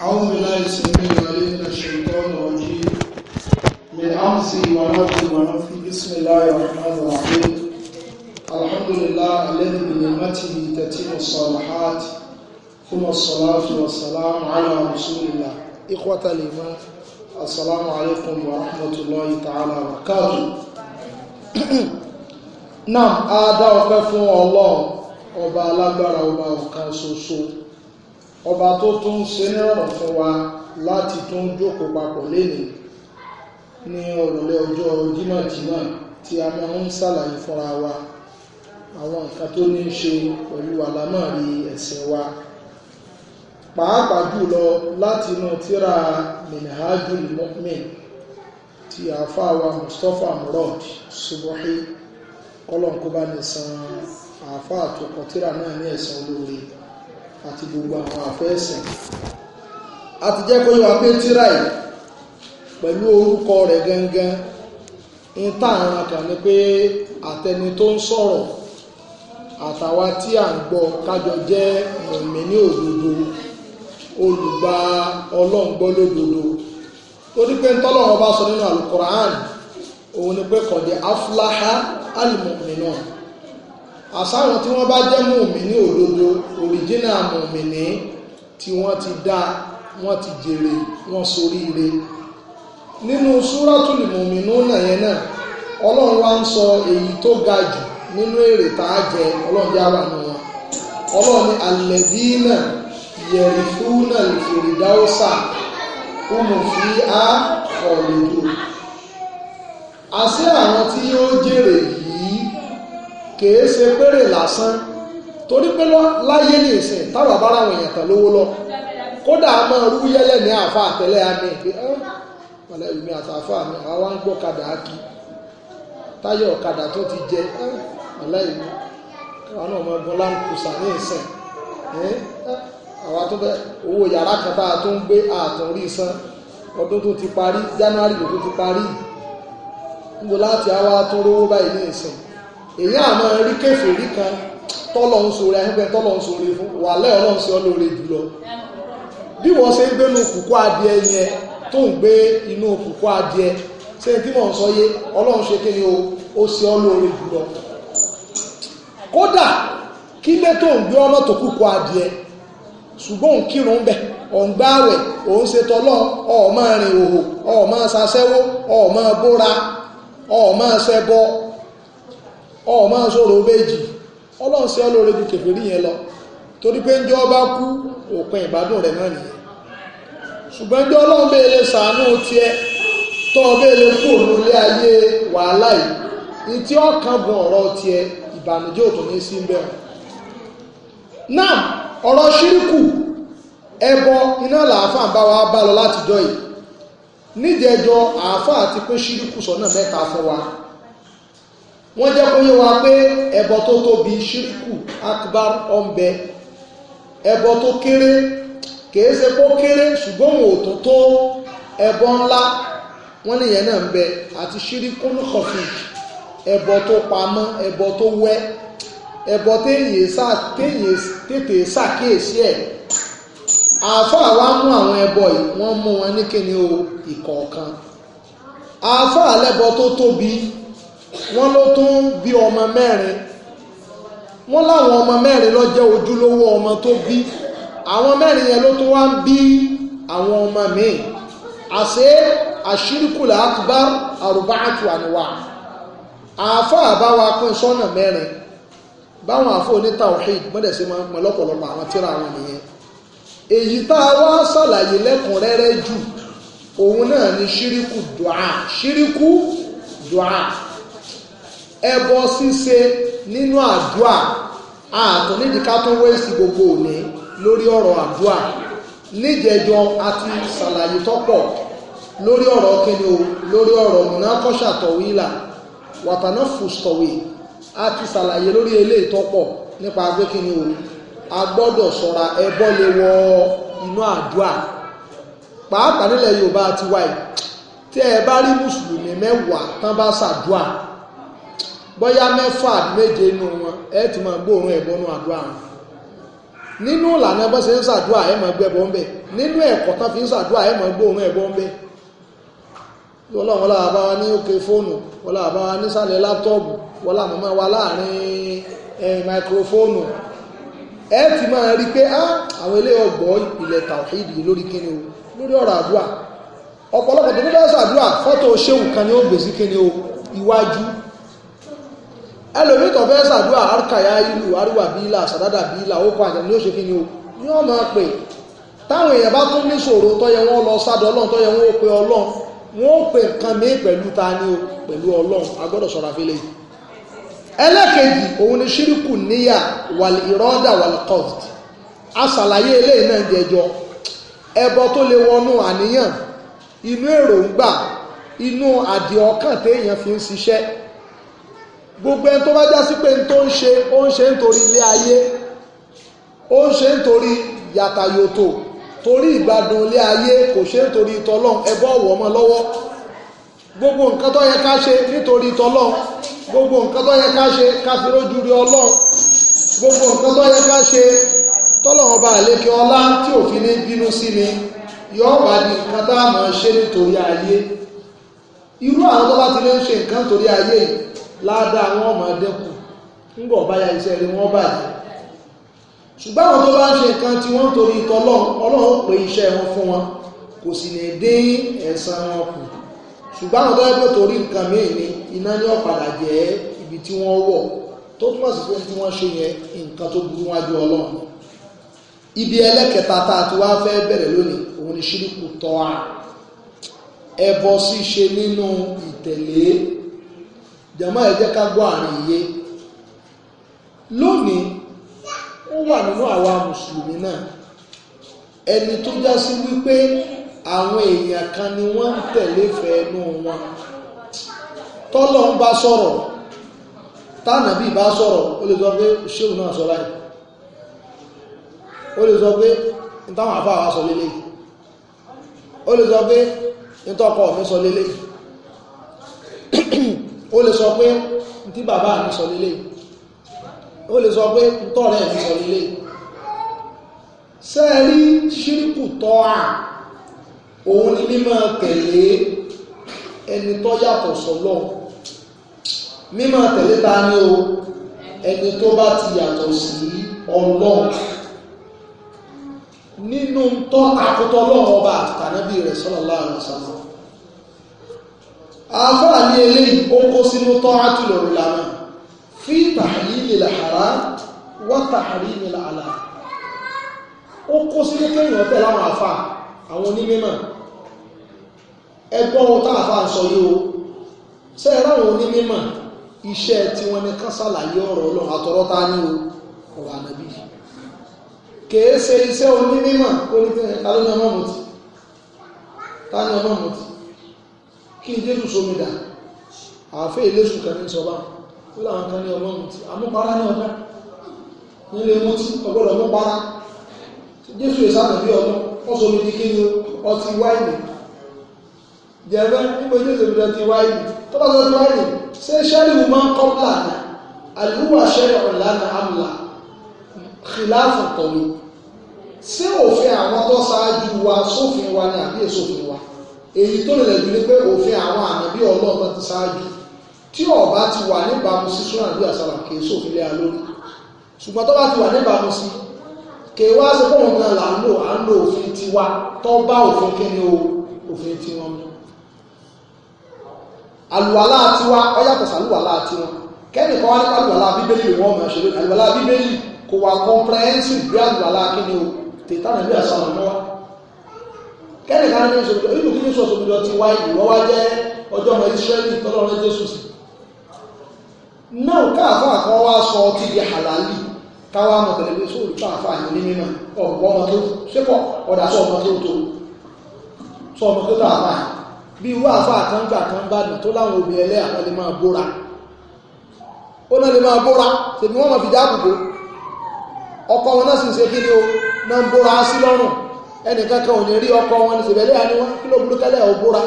أعوذ بالله السميع العليم من الشيطان الرجيم من أمسي ونفسي ونفسي بسم الله الرحمن الرحيم الحمد لله الذي بنعمته تتم الصالحات ثم الصلاة والسلام على رسول الله إخوة الإيمان السلام عليكم ورحمة الله تعالى وبركاته نعم هذا وقف الله ọba alágbára ọba tó tún ṣe nírọ̀rùn fún wa láti tún jókòó papọ̀ lénìí ní ọ̀rọ̀lẹ́ ọjọ́ jímọ̀jímọ̀ tí a máa ń ṣàlàyé fúnra wa àwọn nǹkan tó ní í ṣe pẹ̀lú àlámọ̀rí ẹ̀sìn wa pàápàá jùlọ láti inú tírà minhajul mu'min ti àfáàwà mustapha murad subuhi kọlọ̀nkúbánisan àfáà tó kọ tírà náà ní ẹ̀san olóore àti gbogbo àwọn àfẹ́ẹ̀sìn a ti jẹ́ kó yọ pé tíráì pẹ̀lú orúkọ rẹ̀ gangan ń tà àwọn kan ni pé àtẹni tó ń sọ̀rọ̀ àtàwa tí à ń gbọ́ kájọ jẹ́ mọ̀mí òdodo olùgbà ọlọ́ǹgbọ́ lódodo torí pé ntọ́lọ́wọ́ bá sọ nínú àlùkùránì òun ni pé kọ̀dé afúláhá alìmọ̀mí náà àsáwọn tí wọ́n bá jẹ́ mùmíní òdodo òrìjínà mùmíní tí wọ́n ti dá wọ́n ti jèrè wọ́n soríire nínú súrátùlì mùmínú náà yẹn náà ọlọ́run wá ń sọ èyí tó ga jù nínú èrè tá a jẹ ọlọ́run já wà nù wọn ọlọ́run alẹ́dínà yẹ̀rì fúnà lìfèrèdáwọ́sà kúmù fi á ọ̀lẹ́dọ̀ àṣé àwọn tí yóò jèrè yìí kìí ṣe péré lásán torí pé láyé ní ìsìn táwọn abára àwọn èèyàn tán lówó lọ kódà a máa rú yẹlẹ ní àfa àtẹlẹ àmì pé ẹ pàlẹ ìmí àtàfà mi àwa wá ń gbọ́ kadà á ti jẹ ẹ pàlẹ ìmí káwọn náà máa láǹkùsà ní ìsìn ẹ àwa tó bẹ owó yàrá a tó ń gbé ààtàn rí san ọdún tó ti parí January tó ti parí níbo láti báyìí èyí àmọ́ rí kèfèrí kan tọ́lọ̀ ń sọ̀rọ̀ ẹ̀hẹ́gbẹ́ tọ́lọ̀ ń sọ̀rọ̀ fún wà lẹ́yìn ọlọ́run sí ọlọ́rẹ̀ jùlọ bí wọ́n ṣe ń gbé nu kùkú adìẹ yẹn tó ń gbé inú kùkú adìẹ ṣé tí mò ń sọ yé ọlọ́run ṣe kí ni o ó sí ọlọ́rẹ̀ jùlọ kódà kí lé tó ń gbé ọlọ́tò kùkú adìẹ ṣùgbọ́n òun kírun bẹ̀ òun gbáwẹ̀ òun ṣe tọ́lọ́ ọ̀ọ́ rìn òhò ọ̀ọ́ ọ maa sọ̀rọ̀ méjì ọlọ́run sí ọlọ́run ju yẹn lọ torí pé njọ́ bá kú òpin ìbádùn rẹ̀ náà nìyẹn ṣùgbọ́n njọ́ ọlọ́run bẹ́ẹ̀ lè sàánú tiẹ̀ tọ́ bẹ́ẹ̀ lè kú òun lé ayé wàhálà yìí ní tí ó kàn ọ̀rọ̀ tiẹ̀ ìbànújẹ́ ní sí bẹ́ẹ̀ náà ọ̀rọ̀ ṣíríkù ẹbọ wa bá lọ látijọ́ yìí àáfàá ti pín ṣíríkù mẹ́ta wa. wọ́n jẹ́ kó yé wa pé ẹbọ tó tóbi ṣírkù akbar ọ̀nbẹ ẹbọ tó kéré kìí ṣe kó kéré ṣùgbọ́n òun ò tó tó ẹbọ ńlá wọ́n nìyẹn náà ń bẹ àti ṣírkù kọfì ẹbọ tó pamọ́ ẹbọ tó wẹ́ ẹbọ téèyàn tètè ṣàkíyèsí ẹ̀ àáfàá wa mú àwọn ẹbọ yìí wọ́n mú wọn ní kíni o ìkọ̀ọ̀kan àáfàá lẹ́bọ tó tóbi wọ́n ló tún bí ọmọ mẹ́rin wọ́n láwọn ọmọ mẹ́rin ló jẹ́ ojúlówó ọmọ tó bí àwọn mẹ́rin yẹn ló tún wá ń bí àwọn ọmọ míì àṣé àṣírìkùlà àkùbá àrùbáàtù àníwá àáfà àbáwá pín sọ́nà mẹ́rin báwọn àáfà onítàwọ̀hìd mọ́dẹ̀ sí máa ń pọn lọ́pọ̀lọpọ̀ àwọn tíra àwọn nìyẹn èyí tá a wá ṣàlàyé lẹ́kùnrẹ́rẹ́ jù òun náà ni ṣíríkù dùá ṣíríkù dùá ẹbọ ṣíṣe nínú àdúà àtún nídìí ká tún wéèsì gbogbo òní lórí ọ̀rọ̀ àdúà níjẹjọ àti ṣàlàyé tọ́pọ̀ lórí ọ̀rọ̀ kíni o lórí ọ̀rọ̀ múnákọ́ṣà tọ̀wíìlà wàtánà fùsọ̀wì àti ṣàlàyé lórí eléyìí tọ́pọ̀ nípa pé kíni o a gbọ́dọ̀ ṣọ́ra ẹbọ lè wọ inú àdúà pàápàá nílẹ̀ Yorùbá ti wáyé tí ẹ bá rí mùsùlùmí mẹ́wàá tán bá ṣàdúà bóyá mẹ́fà méje nù wọn ẹ tún máa gbóòórùn ẹ̀bọnú àdúrà wọn nínú ìlànà bó ṣe ń ṣàdúrà ẹ máa gbẹ́bọ fi ń ṣàdúrà máa gbóòórùn làbá wa ní òkè fóònù wọ́n làbá wa nísàlẹ̀ láptọ́ọ̀bù wọ́n làmọ́ máa láàrin máikrófóònù ti máa rí pé àwọn ilé ọgbọ́ ìpìlẹ̀ tàwíìdì lórí kíni o lórí ọ̀rọ̀ àdúrà ọ̀pọ̀lọpọ̀ tó ní bá ṣàdúrà fọ́tò ṣéwù kan ni ẹlòmí tó fẹ́ sàdúrà arkaya ìlú àríwá bíílà sàdádà bíílà ó kọ àjẹ́ ó ṣe kí ni ó ní ọmọ pè táwọn èèyàn bá tún ní ṣòro tó yẹ lọ sádọ̀ ọlọ́run tó yẹ ó pe ọlọ́run wọ́n ó pe nǹkan mí pẹ̀lú ta ni o pẹ̀lú ọlọ́run a yìí òun ni ṣíríkù níyà wàl ìrọ́dà wàl aṣàlàyé eléyìí náà jẹjọ ẹbọ tó lè wọnú àníyàn inú èròǹgbà inú fi ń gbogbo ẹni tó bá já sí pé ní tó ń ṣe ó ń ṣe nítorí ilé ayé ó ń ṣe nítorí yàtàyòtò torí ìgbádùn ilé ayé kò ṣe nítorí tọlọ́n ẹbọ ọ̀wọ́ ọmọ lọ́wọ́ gbogbo nǹkan tó yẹ ká ṣe nítorí tọlọ́n gbogbo nǹkan tó yẹ ká ṣe ká fi rójú rí ọlọ́run gbogbo nǹkan tó yẹ ká ṣe tọ́lọ́run ọba àlékè ọlá tí òfin ní bínú sí mi yọ̀ọ́ bá di nǹkan tá a máa ṣe nítorí ayé irú àwọn tó bá ti lè ń ṣe nǹkan nítorí ayé ládàá wọn máa dẹ́kù ńgbọ̀ báyà iṣẹ́ rẹ̀ wọ́n bàjẹ́ ṣùgbọ́n àwọn tó bá ń ṣe nǹkan tí wọ́n torí ikọ̀ ọlọ́run ó pè iṣẹ́ wọn fún wọn kò sì ní dín ẹ̀san wọn kù ṣùgbọ́n àwọn tó yẹ pé torí nǹkan míì ni iná ní ọ̀padà jẹ́ ibi tí wọ́n wọ̀ tó túmọ̀ sí pé tí wọ́n ṣe yẹn nǹkan tó burú wájú ọlọ́run ibi ẹlẹ́kẹta tá a ti wá fẹ́ bẹ̀rẹ̀ lónìí òun ni ṣíríkù tọ́ a ẹbọ ṣíṣe nínú ìtẹ̀lé jàmọ́ ẹ jẹ́ ká gbọ́ àárín iye lónìí ó wà nínú àwa mùsùlùmí náà ẹni tó já sí wípé àwọn èèyàn kan ni wọ́n ń tẹ̀lé fẹ́ẹ́nú wọn tọ́lọ́ ń bá sọ̀rọ̀ tánàbí bá sọ̀rọ̀ ó lè sọ pé ṣéun náà sọ láì ó lè sọ pé ìtàwọn àfáà wá sọ lélẹ̀ ó lè sọ pé ìtọ́kọ̀ mi sọ lélẹ̀ ó lè sọ pé tí bàbá mi sọ lélẹ̀ ó lè sọ pé tọ́rẹ̀ mi sọ lélẹ̀ sẹ́ẹ̀rí ṣírìkù tọ́ à òun ni mímọ̀ tẹ̀lé ẹni tó yàtọ̀ sọ́lọ́ mímọ̀ tẹ̀lé ta ni o ẹni tó bá ti yàtọ̀ sí Ọlọ́run nínú tọ́ àkótọ́ Ọlọ́run ọba àtànábì rẹ̀ sallallahu alaihi àáfàá ní eléyìí ó kó sínú tọ́hátù lórí lànà fi tàhílì làhàrá wá tàhírí ní làhàlà ó kó sínú kéèyàn tẹ̀ láwọn àáfàá àwọn onímọ̀ ẹgbọ́n ohun táàfàá ń sọ yìí o ráwọn onímọ̀ iṣẹ́ tiwọn ní ká ṣàlàyé ọ̀rọ̀ ọlọ́run àtọ̀rọ̀ ní o ọ̀rọ̀ ànábì kèé ṣe iṣẹ́ onímọ̀ onímọ̀ tani ọmọ mọ̀tì tani ọmọ mọ̀tì kí n jésù sómi dà àfẹ́ ilésù kan ní sọba ó láwọn kan ní ọlọ́run tí amúpara ní ọjọ́ nílé mú tí ọgbọ́dọ̀ múpara jésù ìsáàmù bí ọmọ wọ́n sómi di kí ni ọtí wáìnì jẹ́rẹ́ nígbà jésù ìbí ọtí wáìnì tó bá sọ ti wáìnì ṣé sẹ́lìmù máa ń àlúwà sẹ́lì ọ̀lànà àmùlà kìláàfù tọ̀lú ṣé òfin àwọn tó ṣáájú wa sófin wa ni àbí èsòfin wa èyí tó lè dúró pé òfin àwọn ànábí ọlọ́ọ̀tàn ti ṣáájú tí ọba ti wà níbàámu sí súnà bí àsàlà kìí sófin lé alórí ṣùgbọ́n tó bá ti wà níbàámu sí kìí wá sí fóun náà là ń lò à ń lo òfin tiwa tó bá òfin kíni o òfin tiwọn mú àlùwàlá tiwa ó yàtọ̀ sàlùwàlá tiwọn kẹ́nìkan wá nípa àlùwàlá bíbélì wọn mọ̀ ṣe àlùwàlá bíbélì kò wà comprehensive bí àlùwàlá kíni o tètè ànábí àsàlà mọ́ wa kẹ́nìkan ní sọ̀tọ̀ inú kí ní ti wá ìwọ́ wá jẹ́ ọjọ́ ọmọ Ísírẹ́lì tọ́lọ́rọ́ Jésù sí náà káàfà kan wá sọ ọtí di halali káwá mọ̀ tẹ̀lé pé sóòrù káàfà yìí ní mímọ̀ ọ̀pọ̀ ọmọ tó ṣépọ̀ ọ̀dà sọ ọmọ tó tó sọ ọmọ tó tó àfà bí àfà kan gbà kan bá dùn tó láwọn obì ẹlẹ́ àwọn lè máa bóra ó náà lè máa bóra tèmi ẹnìkankan ò ní rí ọkọ wọn ní sèbẹ̀lẹ́ àní wọn kí ló burú kẹ́lẹ́ ò búra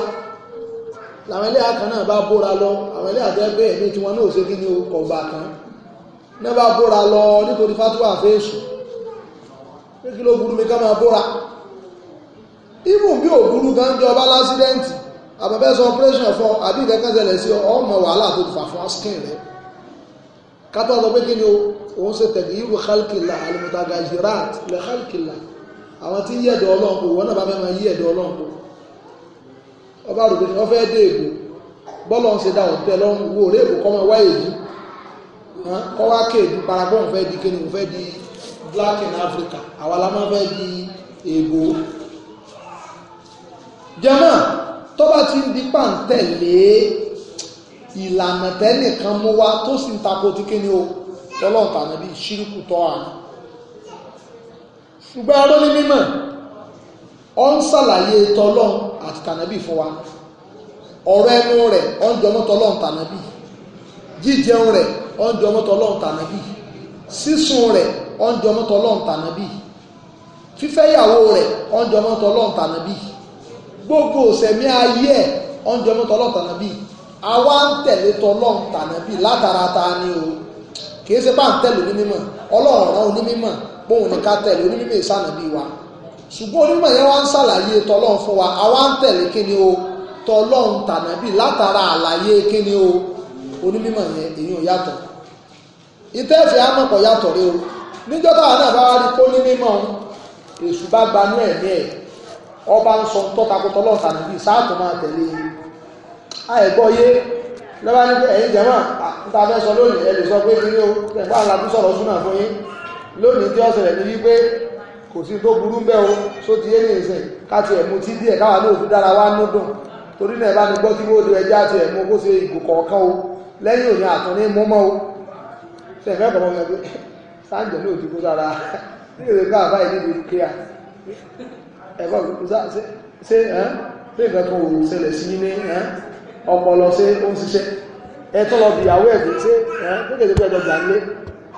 làwọn ẹlẹ́yà kan náà bá búra lọ àwọn ẹlẹ́yà tó ẹgbẹ́ ẹ̀mí tí wọn náà ṣe kí ní kọ̀ọ̀bà kan náà bá búra lọ nítorí fatuwa fèsù pé kí ló burú mi ká máa búra ibùn bí ò burú gan jọ bá lásídẹ́ǹtì àbẹ̀bẹ́sọ operation fún àbí ìkẹ́kẹ́ ṣẹlẹ̀ sí ọmọ wàhálà tó ti fà fún skin rẹ kátó sọ pé kí ni òun ṣe tẹ̀lé ìwé khalkila alimuta le khalkila àwọn tí ń yẹ̀dọ̀ ọlọ́run kò wọ́n náà bá fẹ́ máa yí ẹ̀dọ̀ ọlọ́run ọba rò pé wọ́n fẹ́ dé èbò bọ́lọ̀ ń ṣe dá òtẹ́ lọ́run wo òré èbò kọ́ máa wá èyí kọ́ wá kéèdù paragon fẹ́ di kéèdù fẹ́ di black in Africa àwa la máa fẹ́ di èbò jẹ́mọ́ tó bá ti ń di pàǹtẹ̀lé ìlànà tẹ́nìkan mú wá tó sì ń takò tí kéèdù ọlọ́run tàbí ṣírùkù ṣùgbọ́n aró ní mímọ̀ ọ ń ṣàlàyé tọlọ́n àti tànàbí fún wa ọ̀rọ̀ ẹnu rẹ̀ ọ ń jọmọ́ tọlọ́n tànàbí jíjẹun rẹ̀ ọ ń jọmọ́ tọlọ́n tànàbí sísun rẹ̀ ọ ń jọmọ́ tọlọ́n tànàbí fífẹ́yàwó rẹ̀ ọ ń jọmọ́ tọlọ́n tànàbí gbogbo sẹ̀mí ayé ẹ̀ ọ ń jọmọ́ tọlọ́n tànàbí àwa ń tẹ̀lé tọlọ́n tànàbí látara ta ni o kì í ṣe bá ń tẹ̀lé onímọ̀ ọlọ́run bóun ní ká tẹ̀lé onímọ̀ ìsànàbí wa ṣùgbọ́n onímọ̀ yẹn wá ń ṣàlàyé tọlọ́run fún wa àwa ń tẹ̀lé kíni o tọlọ́run tànàbí látara àlàyé kíni o onímọ̀ yẹn èyí ò yàtọ̀ ìtẹ́fẹ́ amọ̀pọ̀ yàtọ̀ rí o níjọ́ táwọn náà bá wá rí kó ní mímọ́ èṣù bá gbanú ẹ̀mí ẹ̀ ọba ń sọ tọ́takùtọ́ lọ́ta níbi sáàtù máa tẹ̀lé àìgbọ́yé e. lọ́wọ́ ní ẹ̀yìn jẹ́mọ́ àtàbẹ́sọ lónìí ẹ lè sọ pé kí ní o pẹ̀lú lónìí tí ó ṣẹlẹ̀ ní wípé kò sí tó burú mbẹ́ o só ti yé ní ìsìn káti ẹ̀mú tí díẹ̀ káwa náà fi dára wá nú dùn torí náà bá ní gbọ́ tí wọ́n do ẹja àti ẹ̀mú kó ṣe ìgò kọ̀ọ̀kan o lẹ́yìn òní àtún ní mú mọ́ o ṣe ìfẹ́ kọ̀ọ̀kan mọ́ ẹgbẹ́ sáǹjẹ̀ náà ti kó sára nílùú ká àbá ìlú ìlú kíá ẹ̀kọ́ ṣe nǹkan kan ò ṣẹlẹ̀ sí ní ọpọlọ ṣe ó ń ṣiṣẹ́ ẹ tó lọ bìyàwó ẹ̀gbẹ́ ṣe ẹ tó kèsè pé ẹjọ́ gbà ń lé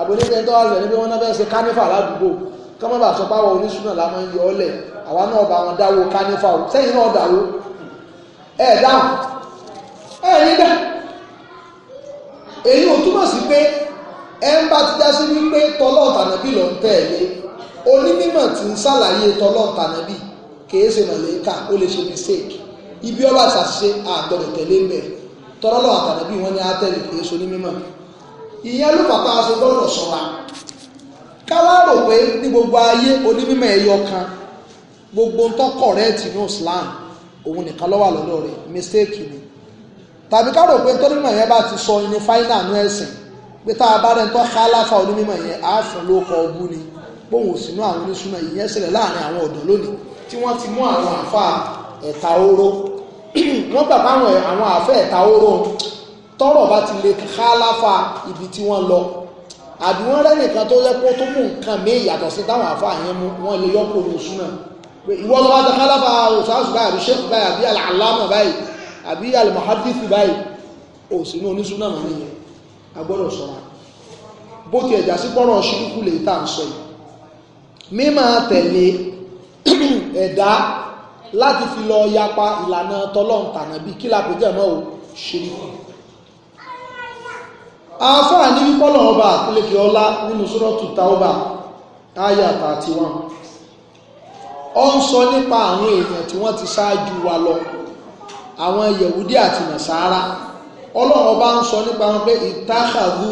àbẹ̀lẹ́sẹ̀ tó wá lẹ̀ ní pé wọ́n náà fẹ́ ṣe kánífà ládùúgbò kí wọ́n bá sọ pé àwọn oníṣúná la máa ń yọ ọ́ lẹ̀ àwa náà bá wọn dáwó kánífà o sẹ́yìn náà dáwó ẹ̀ dáhùn ẹ̀ ní dá èyí ò túmọ̀ sí pé ẹ ń bá ti dá sí wípé tọlọ́ọ̀tànàbí ló ń tẹ̀lé onímọ̀ tí ń ṣàlàyé tọlọ́ọ̀tànàbí kìí ṣe mọ̀lẹ́kà ó lè ṣe mistake ibi ọba ṣàṣe àgbọ̀dọ̀ tẹ̀lé ń bẹ̀ tọlọ́ọ̀tànàbí wọn ni á tẹ̀lé kìí ṣe onímọ̀ ìyẹn ló fà tá a ṣe gbọ́dọ̀ ṣọ́ra káwá rò pé ní gbogbo ayé onímọ̀ ẹ̀yọ kan gbogbo ń tọ́kọ̀ rẹ̀ tì ní Islam òun nìkan ló wà lọ́dọ̀ mistake ni tàbí ká rò pé tónímọ̀ yẹn bá ti sọ ní fáínà ní ẹ̀sìn pé tá a bá rẹ̀ ń tọ́ kálàfà onímọ̀ yẹn á fún ló kọ ọgbú ni bóun ò sí inú àwọn oníṣúná ìyẹn ṣẹlẹ̀ láàrin àwọn ọ̀dọ́ lónìí tí wọ́n ti mú àwọn àfa ẹ̀ta oró wọ́n gbà tọ́rọ̀ bá ti lè kálàfà ibi tí wọ́n lọ àbí wọ́n rẹ́ nìkan tó yẹ kó tó mú nǹkan mé ìyàtọ̀ sí táwọn àfáà yẹn mú wọ́n lè yọ́pọ̀ ní oṣù náà pé ìwọ́n lọ́wọ́ ti kálàfà òṣàṣù báyìí àbí sheikh báyìí àbí aláàmà báyìí àbí alimuhadithi báyìí ò sí ní oníṣù náà mọ́ nìyẹn a gbọ́dọ̀ sọ́ra bó ti ẹ̀jà sí pọ́rọ̀ ṣíkú lè tà ń sọ yìí mímọ̀ tẹ̀lé ẹ̀dá láti fi lọ yapa ìlànà tọlọ́ntànàbí kí lápẹjẹ́ mọ́ ò ṣíkú àáfàá ní wípọ́ lọ́wọ́ bá àtúlẹ̀kẹ́ ọlá nínú sọ́rọ̀tù taoba táyà 31 ọ ń sọ nípa àwọn èèyàn tí wọ́n ti ṣáájú wa lọ àwọn yẹ̀wúdí àti nàṣàárá ọlọ́wọ́ bá ń sọ nípa wọn pé ìtàkàdú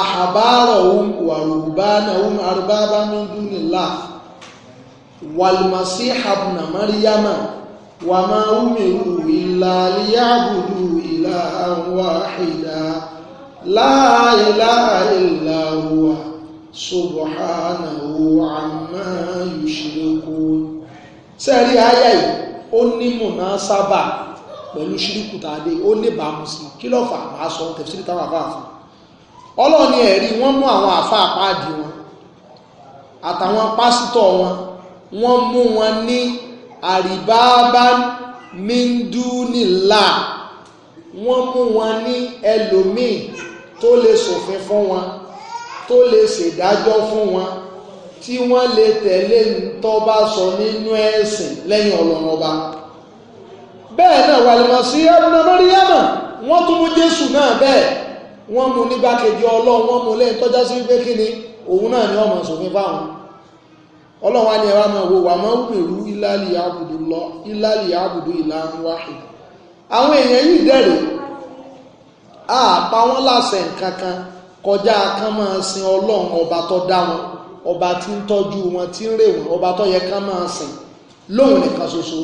àhàbárọ̀ ohun wàrùbánà ohun arúbábá min dunillah wàlùmọ̀sí àbùnà maryama wàmáhùmẹ̀rù ìlàlíyàbùdù ìlà àwọn àhìdá La ilaha illa huwa subhanahu amma yushrikun sẹ́rí ayá yìí ó ní mùnà sábà pẹ̀lú ṣíríkù tàdé ó ní bàmù sí kí lọ́fà máa sọ tẹ̀sílì táwọn àfáà fún ọlọ́ọ̀ni ẹ̀rí wọ́n mú àwọn àfáà páàdì wọn àtàwọn pásítọ̀ wọn wọ́n mú wọn ní àríbáábá mindunilá wọ́n mú wọn ní ẹlòmíì tó lè ṣòfin fún wọn tó lè ṣèdájọ́ fún wọn tí wọ́n lè tẹ̀lé tó bá sọ nínú ẹ̀sìn lẹ́yìn ọlọ́run ọba bẹ́ẹ̀ náà wà lọ́mọ sí ẹ̀rùnà mọ́ríyàmà wọ́n tún mú jésù náà bẹ́ẹ̀ wọ́n mú nígbàkejì ọlọ́run wọ́n mú lẹ́yìn tọ́já sí wípé kí ni òun náà ni ọmọ ṣòfin fáwọn ọlọ́run á ní ẹwà máa wo wà máa ń pèrú ìlàlì àbùdó ìlàlì àbùdó ìlànà wáhì àwọn èèyàn yìí dẹ̀rẹ̀ a pa wọn láṣẹ nkankan kan kọjá kán máa sin ọlọ́run ọba tó dá wọn ọba tí ń tọ́jú wọn tí ń rè ọba tó yẹ kán máa sìn nìkan ṣoṣo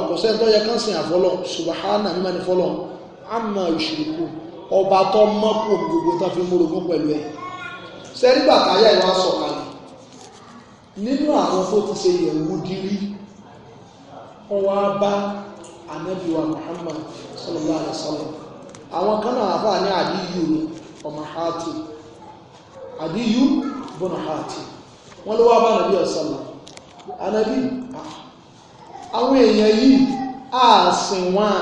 àkọsẹ́ tó yẹ sìn subahana mímọ́ fọlọ́ ọba tó gbogbo tó fi múrogún pẹ̀lú ẹ̀ sẹ́rígbà táyà ìwà sọ̀kalẹ̀ nínú àwọn tó ti ṣe yẹ̀wò bá ànábì wa Muhammad sallallahu alaihi wasallam àwọn kan náà àfáà ní àdíyù ní ọmọ hàtì àdíyù bọ́nà hàtì wọ́n ló wá bá nàbí ọ̀sánlá anábí àwọn èèyàn yìí ààsìn wọn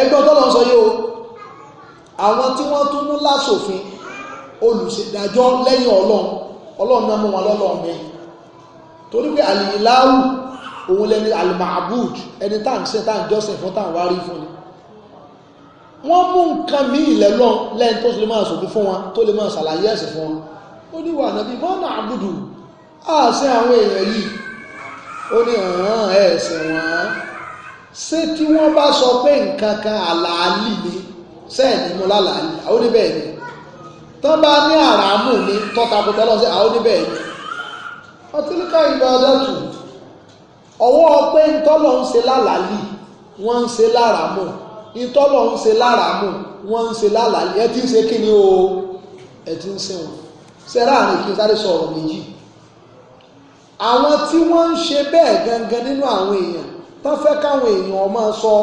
ẹgbẹ́ tọ́lọ̀ sọ yóò àwọn tí wọ́n tún mú lásòfin olùṣèdájọ́ lẹ́yìn ọlọ́run ọlọ́run náà mú wọn lọ́lọ́run mi torí pé àlìláwù òun lẹni alimahabud ẹni tá à ń sìn tá à ń jọ́sìn fún tá à ń wárí fún ni wọ́n mú nǹkan míì lẹ́lọ́ lẹ́yìn tó lè máa sòkú fún wọn tó lè máa ṣàlàyé ẹ̀sìn fún wọn ó ní wà nàbí mọ́nà àbùdù àṣẹ àwọn èèyàn yìí ó ní ọ̀ràn ẹ̀sìn wọn ṣé tí wọ́n bá sọ pé nǹkan kan àlàálì ni sẹ́ẹ̀ni mo lálàálì àwọn oníbẹ̀ ni tán bá ní àràmù ni tọ́takùtà lọ́sẹ̀ àwọn oníbẹ̀ ni ọtílíkà ìgbà ọjọ́ tù ọwọ́ pé ntọ́lọ̀ ń ṣe lálàálì wọ́n ń ṣe láràámù ntọ́lọ̀ ń ṣe láràámù wọ́n ń ṣe lálàálì ẹ ti ń ṣe kíni o ẹ ti ń ṣe wọn sẹ́rà àrùn kí n sáré sọ̀rọ̀ méjì àwọn tí wọ́n ń ṣe bẹ́ẹ̀ gangan nínú àwọn èèyàn tán fẹ́ káwọn èèyàn máa sọ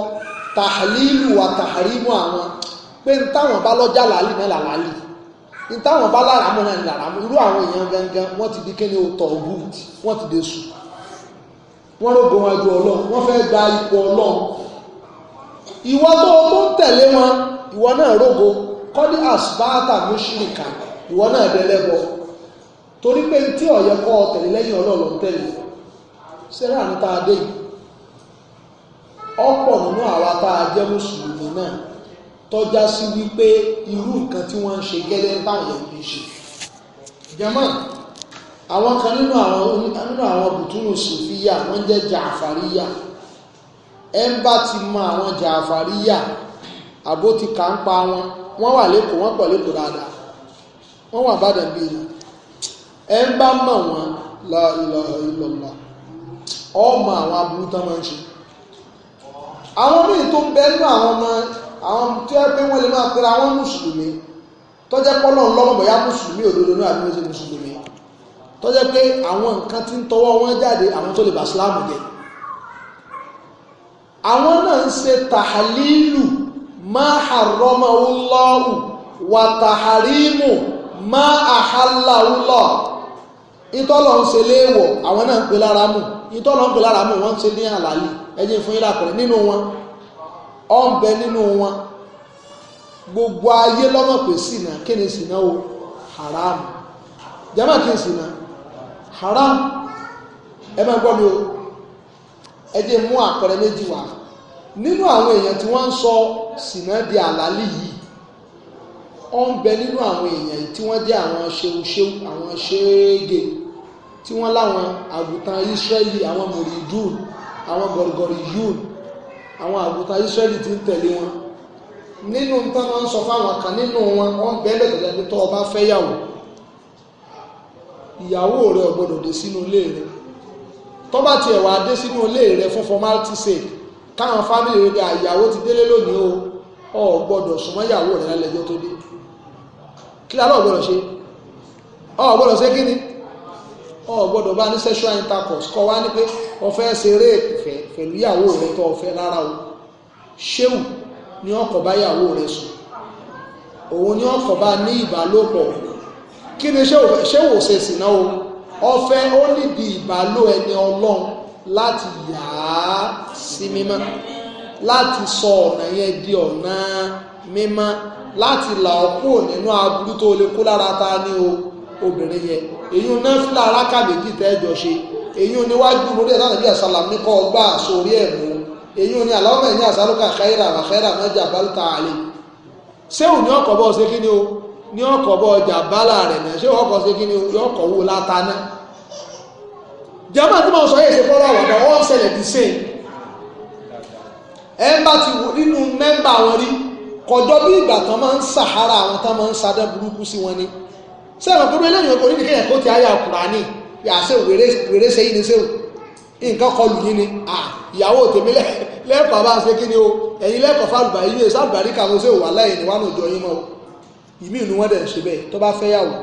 tàhálílù wa tàhálímù àwọn pé n táwọn bá lọ́jà làálì náà làálì n táwọn bá láràámù náà làálàmù irú àwọn èèyàn gangan wọ́n ti di kíni o tọ̀ òbúùtì wọ́n ti dé sùn wọ́n rògbò wọn ju ọlọ́run wọ́n fẹ́ gba ipò ọlọ́run ìwọ tó o ń tẹ̀lé wọn ìwọ náà rògbò kọ́dí àsùbáàtà ìwọ náà torí pé tí kọ́ ọ sẹ́rà ọ̀pọ̀ nínú àwa tá jẹ́ mùsùlùmí náà tọ́já sí wípé irú nǹkan tí wọ́n ń ṣe gẹ́gẹ́ báyẹn àwọn kan nínú àwọn nínú àwọn bùtúrù sùfíyà wọ́n jẹ́ jàfàríyà ẹ ń bá ti mọ àwọn jàfàríyà àbó ti kà ń pa wọn wọ́n wà lẹ́kọ̀ọ́ wọ́n pọ̀ lẹ́kọ̀ọ́ dáadáa wọ́n wà bá dàbí ẹni ẹ ń bá mọ̀ wọ́n la ilaha illallah ọmọ àwọn aburú tán máa ń ṣe àwọn míì tó ń bẹ nínú àwọn ọmọ àwọn tí wọ́n pé wọ́n lè máa pera wọ́n mùsùlùmí tọ́jẹ́ pọ́lọ́ ńlọ́mọ̀ bóyá mùsùlùmí òdodo náà àbí wọ́n ṣe mùsùlùmí tó jẹ́ pé àwọn nǹkan tí ń tọwọ́ wọn jáde àwọn tó lè bá síláàmù jẹ àwọn náà ń ṣe tàhálílù máa harrama Allahu wà tàhárímù máa àhálà Allah ìtọ́lọ̀ ń ṣe léèwọ̀ àwọn náà ń pè lára mù ìtọ́lọ̀ ń pè lára mù wọ́n ń ṣe ní àlàlì ẹjẹ́ fún yílà pẹ̀lú nínú wọn ọ̀ ń bẹ nínú wọn gbogbo ayé lọ́mọ̀ pé sínà kí ni sínà o haram jẹ́mọ̀ kí ni sínà haram ẹ máa gbọ́ mi o ẹ jẹ́ mú àpẹẹrẹ méjì wá nínú àwọn èèyàn tí wọ́n ń sọ sìnà di àlálì yìí ó ń bẹ nínú àwọn èèyàn tí wọ́n jẹ́ àwọn ṣeúṣeú àwọn ṣeége tí wọ́n láwọn àgùntàn Ísírẹ́lì àwọn mòrìdùn àwọn gọ̀rọ̀gọ̀rọ̀ yùn àwọn àgùntàn Ísírẹ́lì tí ń tẹ̀lé wọn nínú tán wọ́n ń sọ fáwọn kan nínú wọn ó ń bẹ lẹ́tọ̀ọ́ tó bá fẹ́ yàwó ìyàwó rẹ ò gbọdọ̀ dé sínú ilé rẹ tó bá tiẹ̀ wá dé sínú ilé rẹ fún formality sake káwọn fámìlì rẹ gba ìyàwó ti délé lónìí o ò gbọdọ̀ súnmọ́ ìyàwó rẹ lẹ́jọ́ tó dé kí lálọ́ gbọdọ̀ ṣe ò gbọdọ̀ ṣe kí ni ò gbọdọ̀ bá ní sexual intercourse kọ́ wá ní pé o fẹ́ ṣeré ìfẹ́ pẹ̀lú ìyàwó rẹ tó o fẹ́ rárá o ṣéwù ni ọkọ bá ìyàwó rẹ sùn òun ni ọkọ bá ní ìbálòpọ̀ kí ni ṣé wò ṣe sì náà o ọfẹ ó níbi ìbálò ẹni ọlọ́run láti yà á sí mímọ́ láti sọ ọ̀nà yẹn di ọ̀nà mímọ́ láti là ọ́ kúrò nínú aburú tó lè kó lára ta ni o obìnrin yẹn èyí ń náfìlà aráka méjì tẹ́jọ ṣe èyí ń níwájú lórí ẹ̀dá nàbí àsálàm ní kọ́ ọgbà sórí ẹ̀ mú èyí ń ní àlọ́mọ̀ ẹ̀yìn àsálùkà káyìrà àbàkáyìrà mẹ́jà bálùtà àlè ṣé òní ọkọ̀ bọ́ ṣe kí ni o ní ọkọ̀ bọ́ ọjà bálà rẹ̀ náà ṣé ọkọ̀ ṣe kí ni ọkọ̀ wo láta náà jama tí mo sọ yẹ ṣe fọ́rọ̀ àwàdà wọ́n ṣẹlẹ̀ the same ẹ bá ti wò nínú mẹ́mbà wọn rí kọjọ́ bí ìgbà tán máa ń sàhárà àwọn tán máa ń sadẹ́ burúkú sí wọn ni sẹ́wọ̀n gbogbo eléyìí ogun onídìí kẹ́yẹ̀ kó ti ayé àkùránì yàtọ̀ wèrè sẹ́yìn ní sẹ́wọ̀n nǹkan kọlù yín ni ìyàwó tèmi lẹ́kọ̀ọ́ bá ṣe kí ni o ẹ̀yin lẹ́kọ̀ọ́ fàlùbà yín yóò sábàríkà mo ṣe wà láyé níwájú ọjọ́ yín mọ́ o ìmí ìlú wọn dẹ̀ ṣe bẹ́ẹ̀ tó bá fẹ́ yàwó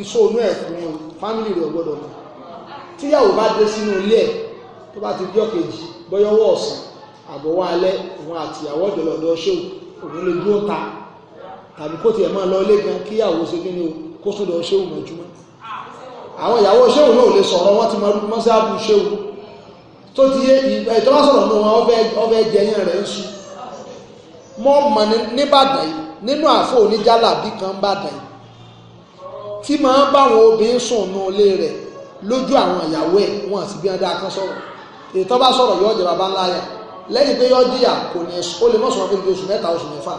iṣó inú ẹ̀ fún un fámìlì rẹ̀ gbọ́dọ̀ mọ̀ tíyàwó bá dé sínú ilé ẹ̀ tó bá ti jọ́ kejì bọ́yọ́wọ́ ọ̀sán àbọ̀wọ́ alẹ́ òun àti ìyàwó ọ̀dọ̀lọ́dọ̀ ṣéwù òun lè dúró ta tàbí kó tiẹ̀ máa lọ ilé gan kíyàwó ṣe kí ni o kó tó lọ ṣéwù mọ́júmọ́ àwọn ìyàwó ṣéwù náà ò lè sọ̀rọ̀ wọ́n ti mọ ọdún mọ́sáàbù ṣéwù tó ti yé ìtọ́lá sọ̀rọ̀ mọ́ wọn ọfẹ́ jẹyàn rẹ̀ ń sùn mọ́ mọ̀ ní Ìbàdàn yìí nínú àfọ oníjàlábí kan bàdàn tí máa ń báwọn obìnrin sùn nù ilé rẹ̀ lójú àwọn ìyàwó ẹ̀ wọn àti bí wọn dáa kan sọ̀rọ̀ ètò bá sọ̀rọ̀ yóò jẹ bàbá ńlá yà lẹ́yìn pé yóò jìyà kò ní ó lè mọ̀sán fún oṣù mẹ́ta oṣù mẹ́fà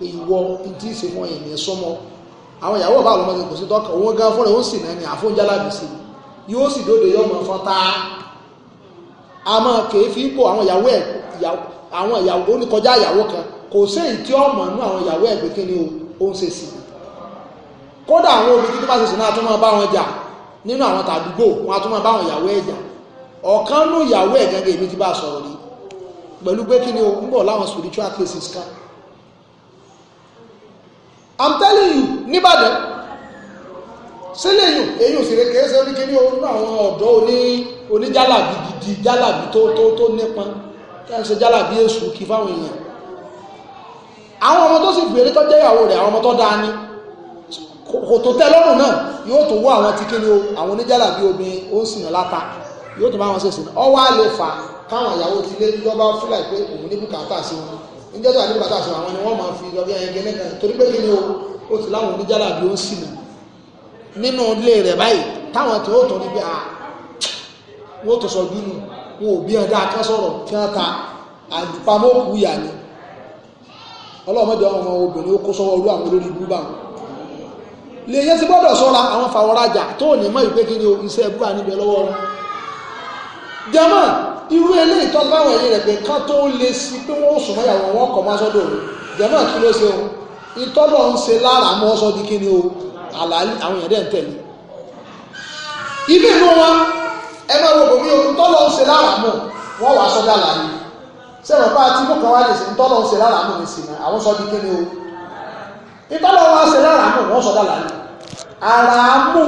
ìwọ tí ì ṣe fún ẹ̀yìn ní sọmọ àwọn ìyàwó bá lọ́mọ ní kò sí tọ́ka òun gan fúnra òun sì náà ní àfóúnjálàbì sí yóò sì dóde yóò mọ fọ́n tá a máa kèé fi ń bò àwọn ìyàwó ẹ̀ àwọn ìyàwó ó ní kọjá ìyàwó kan kò séyìí tí ọmọ nú àwọn ìyàwó ẹ̀ kí ni ó ń ṣe sí kódà àwọn obìnrin tó bá ṣe sùnà àtúmọ̀ bá wọn nínú àwọn tàdúgbò wọn àtúmọ̀ bá wọn ìyàwó ẹ̀ ọ̀kan bá sọ̀rọ̀ rí pẹ̀lú pé kí ni ó ń bọ̀ láwọn spiritual kan i'm telling you nìbàdàn sílẹ̀ yìí èyí ò sì ó oníjálàbí gidi jálàbí tó tó tó jálàbí èṣù kí àwọn ọmọ tó sì gbèrè tó jẹ́ ìyàwó rẹ̀ àwọn ọmọ tó dáa ni kò tó tẹ́ lọ́rùn náà yóò tó wọ àwọn tí kéde o àwọn oníjàlá bíi obìnrin ó ń sìnà láta yóò tó bá wọn ṣe sìnà ọwọ́ á lè fà káwọn ìyàwó ti lé lọ́ba fúlà pé òun ní bùkátà sí wọn níjẹ́ tó àdé bùkátà sí wọn àwọn ni wọ́n máa fi lọ bí ẹyẹ gẹ́gẹ́ kan torí pé kíni o ó ti láwọn oníjàlá bíi ó ń sìnà nínú ilé rẹ̀ báyìí táwọn tó tó níbi à wọ́n tó sọ bínú wọn ò bí ẹ̀dá akásọ̀rọ̀ kí ọlọ́run mẹ́jọ àwọn ọmọ obìnrin ó kó sọ́wọ́ orú àwọn olórí ibú báwọn lè yẹn ti gbọ́dọ̀ sọ́ra àwọn fàwọ́rajà tó ní mọ́ ìpé kí ni iṣẹ́ ẹbú àníbẹ̀ lọ́wọ́ wọn jẹ́mọ́ irú ilé ìtọ́ báwọn ẹ̀yìn rẹ̀ pé ká tó lè sí pé wọ́n sùn mọ́ ìyàwó wọn kọ̀ máa sọ́dọ̀ rẹ̀ jẹ́mọ́ kí ló ṣe òun ìtọ́lọ̀ ń ṣe lára mọ́ sọ́ di kí ni o àlàálì àwọn èèyàn dẹ̀ ń tẹ̀lé ibi ìlú wọn ẹ máa wo sẹ́nà bá ti mú kan wá lè ṣe ntọ́lọ́ ń ṣe lára àánú mi sí ni àwọn sọ di kéde o ntọ́lọ́ wá ṣe lára àánú wọ́n sọ dára ni ara àánú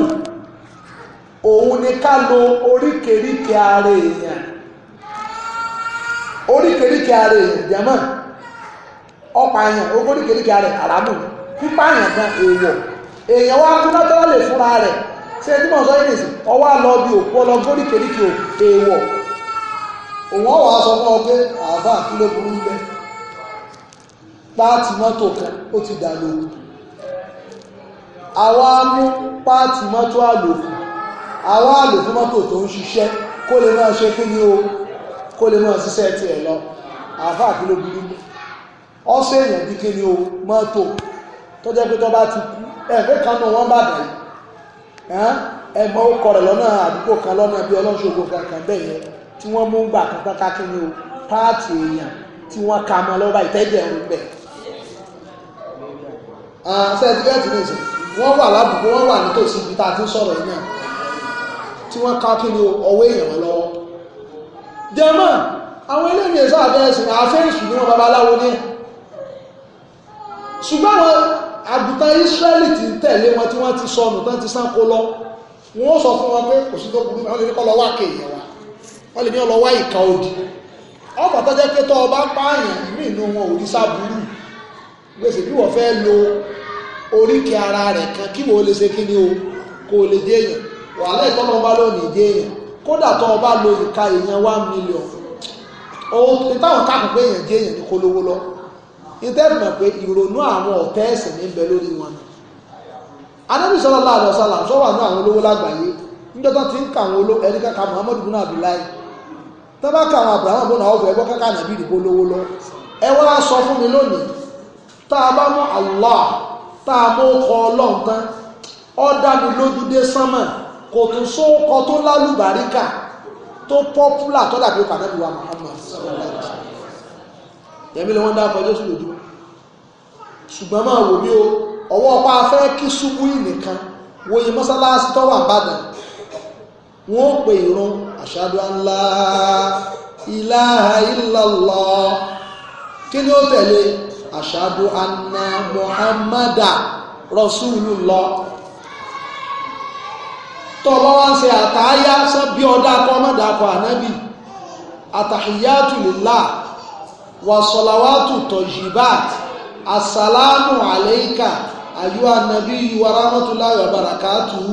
òun ni ká lo oríkèéríkèé ara èèyàn oríkèéríkèé ara èèyàn jẹ́mọ́ ọ̀pá èèyàn oríkèéríkèé ara ara àánú pípa èèyàn gan èèyàn èèyàn wá kú lọ́tọ́ lè fúnra rẹ̀ ṣé ẹni mọ̀ sọ́yìn nìsín ọwọ́ àlọ́ bí òkú ọlọ́gbóríkèéríkèé èèwọ̀ òun ọ̀wọ́ aṣọ fún ọ pé àbá kí ló burú bẹ́ páàtì mọ́tò kan ó ti dà lóko àwa mú páàtì mọ́tò àlòkù àwa àlòkù mọ́tò tó ń ṣiṣẹ́ kó lè máa ṣe kí ni o kó lè máa ṣiṣẹ́ tiẹ̀ lọ àbá kí ló burú bẹ́ ọ́sẹ̀ èèyàn bí kí ni o mọ́tò tó jẹ́ pé tó bá ti kú ẹ̀fẹ́ kan náà wọ́n bàdà yìí ẹ̀mọ́ ó kọ̀ lọ́nà àdúgbò kan lọ́nà bí ọlọ́ṣogbo kankan bẹ́ẹ̀ yẹn tí wọ́n mú gbà kankan kákínní o páàtì èèyàn tí wọ́n ka mọ́ lọ́ba ìtẹ́jẹ̀ ń bẹ̀. sẹ́ẹ̀tìgẹ́tì ní ìsìn wọ́n wà lábùkù wọ́n wà nítòsí ibi tá a ti ń sọ̀rọ̀ yìí náà tí wọ́n ká kí ni ọwọ́ èèyàn lọ́wọ́. jẹ́mọ́ àwọn eléyìí ẹ̀sọ́ àbẹ́sìn àfẹ́sù ni wọ́n babaláwo ní. ṣùgbọ́n àwọn àgùntàn Ísírẹ́lì ti ń tẹ̀lé wọn tí wọ́n ti sọnù tán ti sáńkó lọ wọ́n sọ fún wọn pé kò sí tó burú wọn lè kọ́ lọ wá kéèyàn wọ́n lè ní ọlọ́wọ́ ìka òdì ọ̀pọ̀ tó jẹ́ pé tó ọba pààyàn ìmí inú wọn ò sábúrú gbèsè bí wọ́n fẹ́ lo oríkèé ara rẹ̀ kan kí wọ́n lè ṣe kí ni o kò lè dé èèyàn wàhálà ìtọ́nà ọba lónìí dé èèyàn kódà ọba lo ìka èèyàn ohun káàkùn pé èèyàn dé èèyàn ní kó lówó lọ ìtẹ́rùmọ̀ pé ìrònú àwọn ní bẹ lórí wọn ni àwọn olówó lágbàáyé níjọ́ ti ń kà àwọn tọ́ba ka àwọn abraham bó na ọ̀bọ̀ ẹgbọ́ káká nàbí ìdìbò lówó lọ ẹ wá sọ fún mi lónìí tá a bá mú allah tá a mú ọkọ̀ ọlọ́run tán ó dá mi lójú dé sánmà kò tún sóńkọ tó lálùbáríkà tó pọ́pùlà tó dàbí ó pàdánù wa muhammad yẹmi lè wọ́n dá ọkọ̀ jésù lójú ṣùgbọ́n máa wò mí o ọwọ́ ọpá afẹ́ kí ṣubú nìkan wòye mọ́sálásí tó wà Ìbàdàn wọ́n pè ìrun àṣàdù ànlá ìlàhà ìlàlọ́ kí ni ó tẹ̀lé àṣàdù ànà muhammadu rasulullah tọ́ọ̀bá wá ń ṣe àtàáyá sọ́bí ọdá akọ́ mọ́dà akọ ànábì àtàhìyátù lílà wàsọ̀làwátù tọ̀jìbát àsàlámù àlẹ́ìkà àyú ànábì wa rahmatullahi wa barakatuhu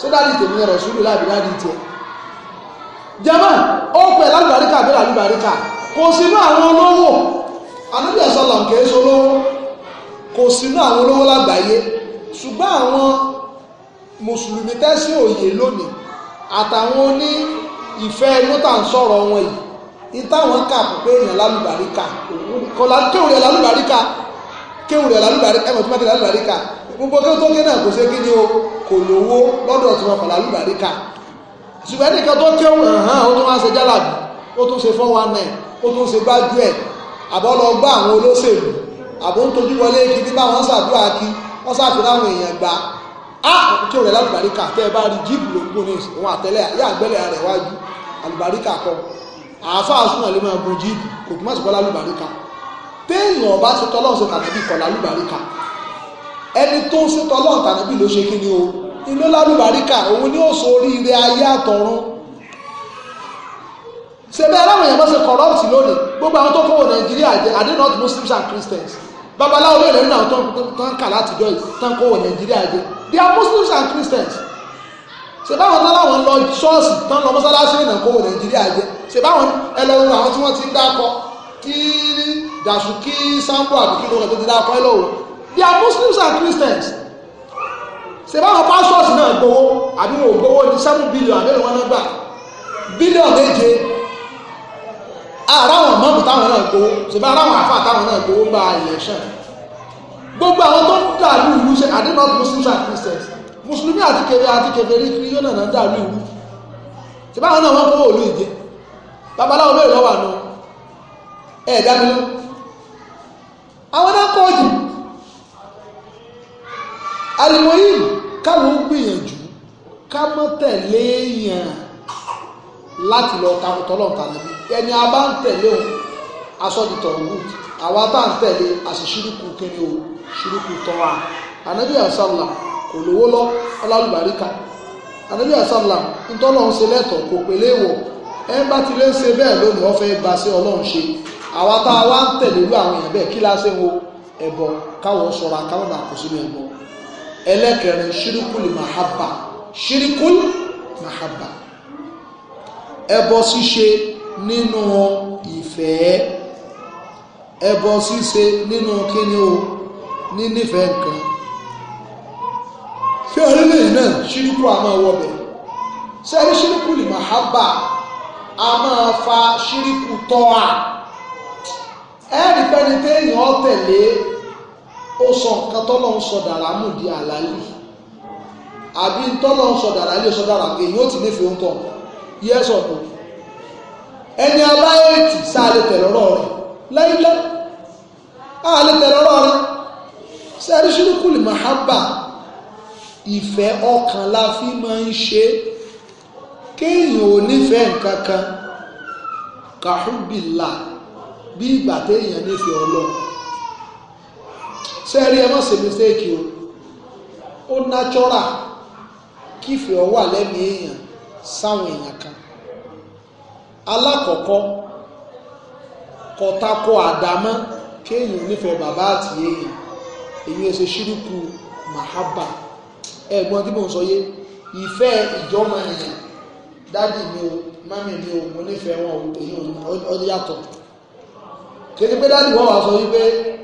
ṣé dáàdì tèmi yẹn rọ̀ṣúlù láàbí dáàdì tiẹ̀ jẹ́mọ́ ó pẹ̀ lálùbáríkà bí lálùbáríkà kò sínú àwọn olówó anábì ọ̀sọ́lọ̀ kì í ṣolówó kò sínú àwọn olówó lágbàáyé ṣùgbọ́n àwọn mùsùlùmí tẹ́sí òye lónìí àtàwọn oní ìfẹ́ inú tà ń sọ̀rọ̀ wọn yìí ìtàwọn kà pé èèyàn lálùbáríkà kéwù rẹ̀ lálùbáríkà kéwù rẹ̀ lálùbáríkà ẹ̀mọ̀ tó má ti lálùbáríkà gbogbo kéwù tó ké náà kò ṣe kí ni o kò lówó lọ́dọ̀ tí wọ́n kọ̀lá lùbàríkà ṣùgbọ́n nìkan tó kéwù hàn ó tún wá ṣe jálàbí ó tún ṣe four one nine ó tún ṣe gbájú ẹ̀ àbọ̀ lọ gbá àwọn olóṣèlú àbọ̀ ń tojú wọlé kí bí bá wọn ṣàdúrà kí wọ́n ṣàfihàn àwọn èèyàn gbà á kí òun rẹ̀ lálùbáríkà tẹ́ ẹ bá rí jíìpù ló ń gùn ní òun àtẹ́lẹ̀ yá àgbẹ̀lẹ̀ rẹ̀ wájú àlùbáríkà kọ àáfàá súnmọ̀ ló máa ẹni tó ń sútọ lọ́ọ̀tà níbí ló ṣe kí ni o inú lálùbáríkà òun ni ó so oríire ayé àtọ̀run sẹbẹ aláwọn èèyàn mọ́sẹ̀ corrupt lónìí gbogbo àwọn tó fọwọ́ nàìjíríà jẹ are they not muslims and christians babaláwo lónìí nínú àwọn tó ń kà látijọ́ yìí tó ń kọ́wọ́ nàìjíríà jẹ they are muslims and christians ṣe báwọn tó láwọn lọ ṣọ́ọ̀ṣì tán lọ mọ́sálásí ìnà kówó nàìjíríà jẹ ṣe báwọn ẹlọ́run àwọn tí wọ́n ti dákọ kí dàṣù kí sambo àbí kí lóògùn tó ti dákọ ẹlọ́run they are muslims and christians ṣe báwọn pastors náà gbowó àbí wọn ò gbowó ní seven billion àbí wọn náà gbà billion méje ara wọn mọ́mù táwọn náà gbowó ṣe bá ara wọn àfà táwọn náà gbowó gba election gbogbo àwọn tó ń dàlú ìlú ṣe are not muslims and christians mùsùlùmí àti kẹfẹ àti kẹfẹ rí kiri yóò náà dàlú ìlú ṣe báwọn náà wọn gbowó òlú ìjẹ babaláwo bẹ́ẹ̀ lọ́wọ́ àná ẹ̀ẹ́dá mi lọ àwọn náà kọ́ ọ̀jìn alimoyin káwọn ó gbìyànjú ká mọ́ tẹ̀lé èèyàn láti lọ ta tọ́lọ̀ ta níbi ẹni a bá ń tẹ̀lé òun asọ́dìtọ̀ òwú àwa tá à ń tẹ̀lé àṣìṣírùkù kiri o ṣírùkù tọ́ra ànábì àṣàlà kò lówó lọ ọlálùbáríkà ànábì àṣàlà ntọ́lọ̀ ń ṣe lẹ́tọ̀ kò pèlè wọ̀ ẹ bá ti lè ṣe bẹ́ẹ̀ lónìí wọ́n fẹ́ gba sí ọlọ́run ṣe àwa tá a wá ń tẹ̀lé irú àwọn èèyàn bẹ́ẹ̀ kí láṣẹ́ wo ẹ̀bọ káwọn sọra káwọn bá kò sínú ẹ̀bọ ẹlẹ́kẹrin ṣírìkùlì mahabba ṣírìkùlì mahabba ẹbọ ṣíṣe nínú ìfẹ́ ẹbọ ṣíṣe nínú kíni o nínífẹ̀ẹ́ nǹkan fi orílẹ̀ yìí náà ṣírìkù a máa wọbẹ̀ sẹ́rí ṣírìkùlì mahabba a máa fa ṣírìkù tọ́à ẹ̀ẹ́dì pẹ́ni téèyàn tẹ̀lé ó sọ nǹkan tọ́lọ̀ ń sọ dàrá mù di àlàlì àbí tọ́lọ̀ ń sọ dàrá lè sọ dàrá pé èyí ó ti nífẹ̀ẹ́ ń tọ̀ yẹ́ sọ̀tọ̀ ẹni abáyẹ̀tì sáàlẹ̀ tẹ̀lọ́rọ̀ rẹ̀ lẹ́yìnlẹ́ àlẹ̀ tẹ̀lọ́rọ̀ rẹ̀ sẹ́rí ṣírùkùlì mahaba ìfẹ́ ọkàn la fi máa ń ṣe kéèyàn ò nífẹ̀ẹ́ nǹkan kan kàhùbìlà bí ìgbà téèyàn nífẹ̀ẹ́ ọlọ́run sẹ́ẹ̀rí ẹ má ṣe mistake o ó náchọ́rà kífì ọwọ́ àlẹ́mí èèyàn sáwọn èèyàn kan alákọ̀ọ́kọ́ kọ̀tàkọ àdámọ́ kéèyàn nífẹ̀ẹ́ bàbá àti èèyàn èyí ẹ ṣe ṣírùkù mahaba ẹ̀gbọ́n tí mò ń sọ yé ìfẹ́ ìjọmọ èèyàn dádì mi o mami mi o mo nífẹ̀ẹ́ wọn o èyí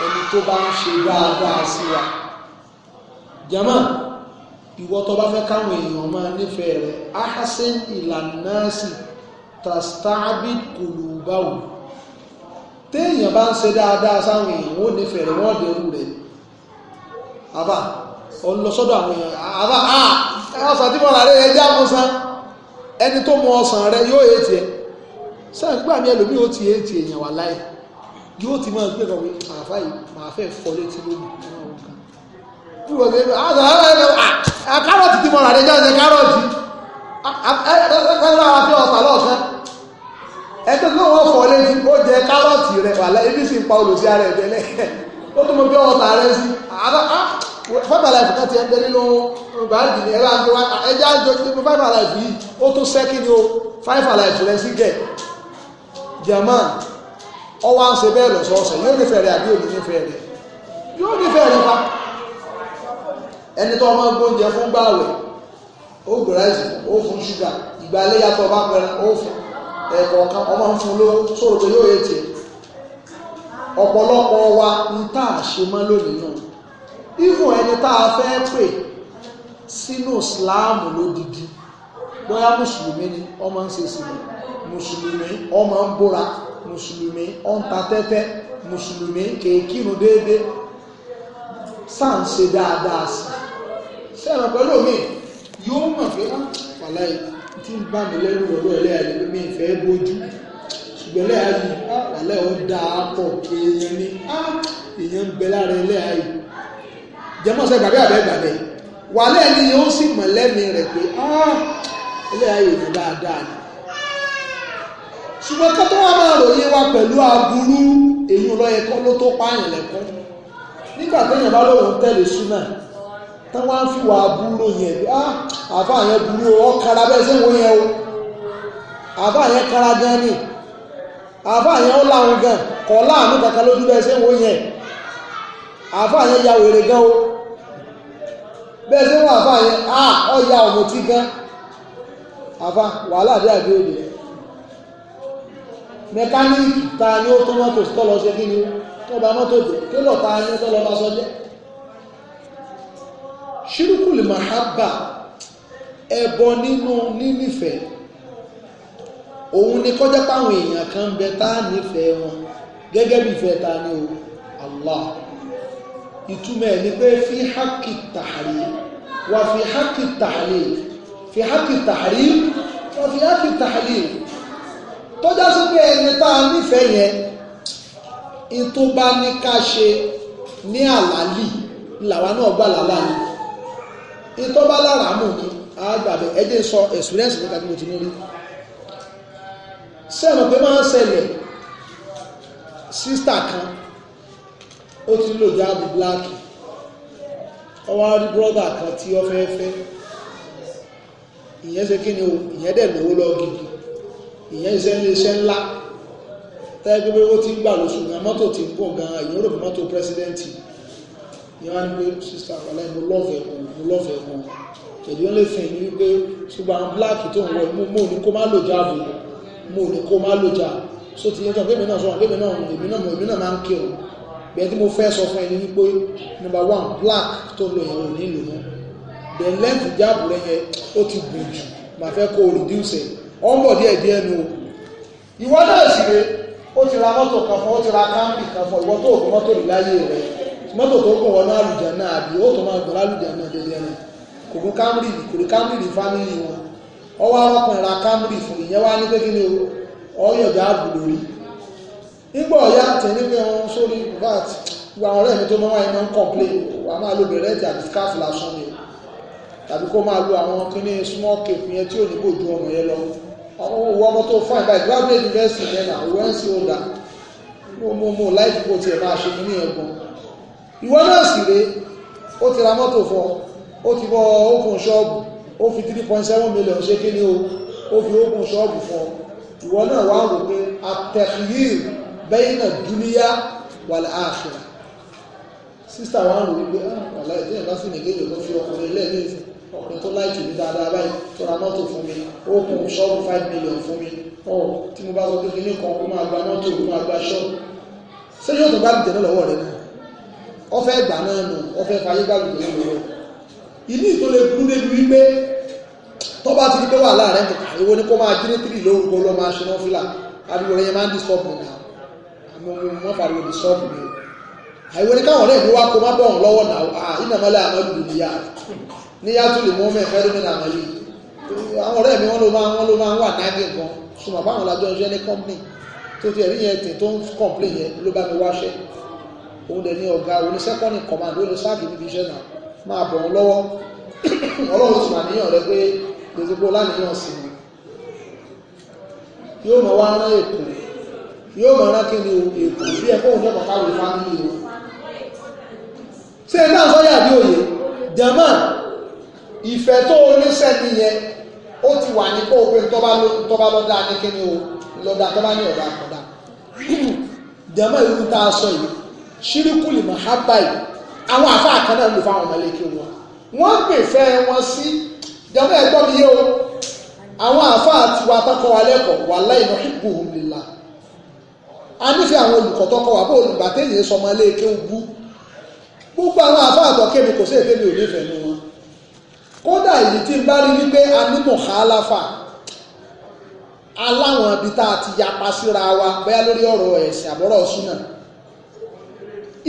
ẹni tó bá ń ṣe dáadáa sí wa jama ìwọ tó bá fẹ́ káwọn èèyàn máa nífẹ̀ẹ́ rẹ̀ ahasin ilanasi tastabid kulubawu téèyàn bá ń ṣe dáadáa sáwọn èèyàn ó nífẹ̀ẹ́ rẹ̀ wọ́n dẹrù rẹ̀ àbá ọlọsọ́dọ̀ àwọn èèyàn àbá ọsàn tí mo rà rẹ̀ ẹjẹ́ àmúsán ẹni tó mọ ọsàn rẹ̀ yóò ètì ẹ sáà ń gbà mí ẹlòmíì ó ti ètì èèyàn wà láyé yóò ti máa gbé kọ̀wé àfá yìí máa fẹ́ fọ́ létí lónìí kárọ̀tì tí mo rà níjọ́ ṣe kárọ̀tì ẹgbẹ́ra àti ọ̀sà lọ́ọ̀kan ẹgbẹ́ tó wọ́n fọ́ létí ó jẹ kárọ̀tì rẹ̀ wà lẹ́yìn sí pa olùsí ara ẹ̀ tẹ́lẹ̀ ó tún mọ bí ọ̀sà rẹ̀ sí fọ́tàláìfù kan ti ẹgbẹ́ nínú báàgì ní ẹgbẹ́ àti ẹjẹ́ àjọ nínú fáìfàláìfù yìí ó tún sẹ́kì ní o fáìfàláìfù rẹ̀ sí gẹ̀ german ọ wá ń ṣe bẹ́ẹ̀ lọ́sọ̀ọ̀sẹ̀ yóò nífẹ̀ẹ́ rẹ àbí òní nífẹ̀ẹ́ rẹ yóò nífẹ̀ẹ́ rẹ pa ẹni tó ọmọ gbóúnjẹ fún gbààwẹ̀ ó gbẹ̀rẹ́sì ó fún ṣúgà ìgbà iléyàtọ̀ bá pẹ̀rẹ̀ ó fún ẹ̀kọ̀ọ̀kan ọmọ ń fún lówó sóòrò pé yóò ètè ọ̀pọ̀lọpọ̀ wa ń tá a ṣe mọ́ lónìí náà ìfún ẹni tá a fẹ́ pè sínú ìsìláàmù lódìdí bóyá mùsùlùmí ni ọmọ ń ṣe sílẹ̀ mùsùlùmí ọmọ ń bóra mùsùlùmí ọ̀n ta tẹ́tẹ́ mùsùlùmí kèékìrún déédéé sáà ń ṣe dáadáa sí sẹ́nà pẹ̀lú mi yóò mọ̀ pé ah, wàlá tí ń bá mi lẹ́nu ọ̀rọ̀ ẹlẹ́yà yìí mi fẹ́ bójú ṣùgbọ́n ẹlẹ́yà yìí ah, wàlá ọ̀ dáa pọ̀ kéèyàn ní ah, èèyàn ń bẹ lára ẹlẹ́yà yìí jẹ́mọ́ sẹ́ gbàgbé àbẹ́ gbàgbé wàlá ẹni yóò sì mọ̀ lẹ́mìí rẹ̀ pé ẹlẹ́yà yìí dáadáa ni ṣùgbọ́n kó ma wá máa ròyìn wa pẹ̀lú aburú èyí lọ́yẹ kọ́ ló tó pààyàn lẹ́kọ́ nígbà téèyàn bá lóun tẹ̀lé súnà tán wá ń fìwà aburú yẹn ah, àfa yẹn burú o ọkara bẹ́ẹ̀ ṣé wo yẹn o àfa yẹn kara gan ni àfa yẹn ó láwọn gan láàánú kankan lójú bẹ́ẹ̀ ṣé yẹn àfa yẹn ya wèrè gan o mẹkáníìkì ta ni ó tó mọ́tò tó lọ ṣe kí ni tó bá mọ́tò tó kí lọ ta ni ó tó lọ bá sọ jẹ́ ṣírùkùlì mahabba ẹbọ nínú nínífẹ̀ẹ́ òun ni kọjá páwọn èèyàn kan bẹ tá nífẹ̀ẹ́ wọn gẹ́gẹ́ bí ìfẹ́ ta ni o Allah ìtumọ̀ ẹ̀ ni pé fi hákì tààrí wà fi hákì tààrí fi hákì tààrí wà fi hákì tààrí tó já sí pé ẹni tá a nífẹ̀ẹ́ yẹn ìtúba ní ká ṣe ní àlàlì làwa náà gbà lálá ni ìtọ́ba lára mú ni àgbàdo ẹjẹ sọ experience nípa tí mo ti ní rí sẹ́nu pé máa ń ṣẹlẹ̀ sísítà kan ó ti lò jáde black ọwọ́ rí brọ́dà kan tí ó fẹ́ fẹ́ ìyẹn ṣe kí ni o ìyẹn dẹ̀ lówó lọ gidi ìyẹn iṣẹ́ ní iṣẹ́ ńlá tẹ́gbẹ́ pé ó ti ń gbà lóṣù gan mọ́tò ti ń pọ̀ gan ìyẹn rò mọ́tò pírẹsidẹ́ǹtì ìyẹn wá ní pé sísá wàlẹ́ mo lọ́ọ̀fẹ́ wọn mo lọ́ọ̀fẹ́ wọn tẹ̀lé ó lè fìn ní wípé ṣùgbọ́n àwọn bíláàkì tó ń wọ mo mo ní kó má lò já àbò mo ní kó má lò já so ti yẹn tán pé mi náà sọ wọn pé mi náà èmi náà èmi náà máa ń kí ọ bẹ́ẹ̀ tí mo fẹ́ sọ fún ẹni wípé number one black tó lò yẹn ò nílò mọ́ the length jáàbù rẹ yẹn ó ti gùn jù màá fẹ́ kó o reduce it ọ ń bọ̀ díẹ̀ díẹ̀ nu ìwọ náà sì rè ó ti ra mọ́tò kan fún ó ti ra kámpì kan fọ́ ìwọ tó òkú mọ́tò láyé rẹ mọ́tò tó gùn wọnú àlùjá náà àbí ó tó máa gbọ́ lálùjá náà dédé rẹ kò gún kámírì kò rí kámírì fámìlì wọn ọwọ́ ra fún ìyẹn wá ní kékeré o ọwọ́ ọmọ tó fáìn báyìí graduate university mẹ́ta òwe ń sí ọ̀dà mo mo mo láìpẹ́ kó tiẹ̀ máa ṣe ní ẹ̀gbọ́n ìwọ náà sì rè ó ti ra mọ́tò fọ ó ti bọ́ open ṣọ́ọ̀bù ó fi three point seven million ṣe kí ni o ó fi open ṣọ́ọ̀bù fọ ìwọ náà wá rò pé atẹ̀fìyìí bẹ́yìn náà dúníyà wàlẹ̀ àṣẹ sísà wá rò wípé ah, wàlẹ̀ ìdí ìbá sì nìgbẹ́jọ ló fi ọkùnrin lẹ́ẹ̀lẹ́sìn ọ̀rẹ́ tó láìkì mi dáadáa báyìí tó ra mọ́tò fún mi ó kún ṣọ́ọ̀bù five million fún mi ọ̀ tí mo bá sọ pé kíní kan ó máa gba mọ́tò ó máa gba ṣọ́ọ̀bù ṣé yóò tó bá lù tẹ̀lé lọ́wọ́ rẹ náà ọfẹ́ gbà náà nù ọfẹ́ fayé gbà lù tẹ̀lé lọ́wọ́ ilé ìtòlè burú débi wípé tó bá ti di pé wà láàrin ìwọ ni kó máa jí ní tírì lórúkọ ló máa ṣe náà fúlà àbí wọ́n yẹn máa ń disturb mi náà àmọ́ mo máa fariwo disturb mi àìwọ ni káwọn ọ̀rẹ́ mi wá kó má bọ̀ wọn lọ́wọ́ náà ìnàmọ́lẹ̀ àmọ́ lù mí ní yàtúlì mọ́mọ́ ẹ̀fẹ́ lómìnà àmọ́lé àwọn ọ̀rẹ́ mi wọ́n ló máa wọ́n ló máa ń wà nágé gan súnmọ́ báwọn làjọ ń ṣe ní company tó ti ẹ̀rí yẹn tẹ̀ tó ń complain yẹn ló bá mi wáṣẹ́ òun dẹ̀ ní ọ̀gá òun ní second in command òun ní sáàkì níbi iṣẹ́ náà máa bọ̀ wọn lọ́wọ́ ọlọ́run sì máa níyàn rẹ pé gbèsègbò láníyàn sí mi yóò mọ̀ wá rán èkó yóò mọ̀ rán kí ni èkó bí ẹ̀kọ́ òun yọ̀mọ̀ káwé fámìlì o ṣé ẹ náà sọ́yà bí òye jama ìfẹ́ tó o ní sẹ́ni yẹn ó ti wà ní kó o pé tọ́ba lọ́dà ní kíni o lọ́dà tọ́ba ní ọ̀dà kọ̀dà jẹ́mọ́ ìlú tá a sọ yìí ṣíríkùlì màhábà yìí àwọn àfáà kan náà lò fáwọn ọmọlẹ́kẹ́ wọn wọ́n gbèfẹ́ wọn sí jẹ́mọ́ ẹ̀gbọ́n mi yé o àwọn àfáà ti wa tọ́kọ wa lẹ́kọ̀ọ́ wà láì lọ ìbò òmìnira a nífẹ̀ẹ́ àwọn olùkọ́ tọ́kọ wa bó olùgbà téèyàn sọmọ ilé kéwú bú gbogbo àwọn àfáà tọ́kẹ́ mi kò sí èdè mi ò nífẹ̀ẹ́ nu wọn kódà èyí tí n bá rí wípé a ní mọ̀hálàfà aláwọn ibi tá a ti yapa síra wa bóyá lórí ọ̀rọ̀ ẹ̀sìn àbọ̀rọ̀ súnà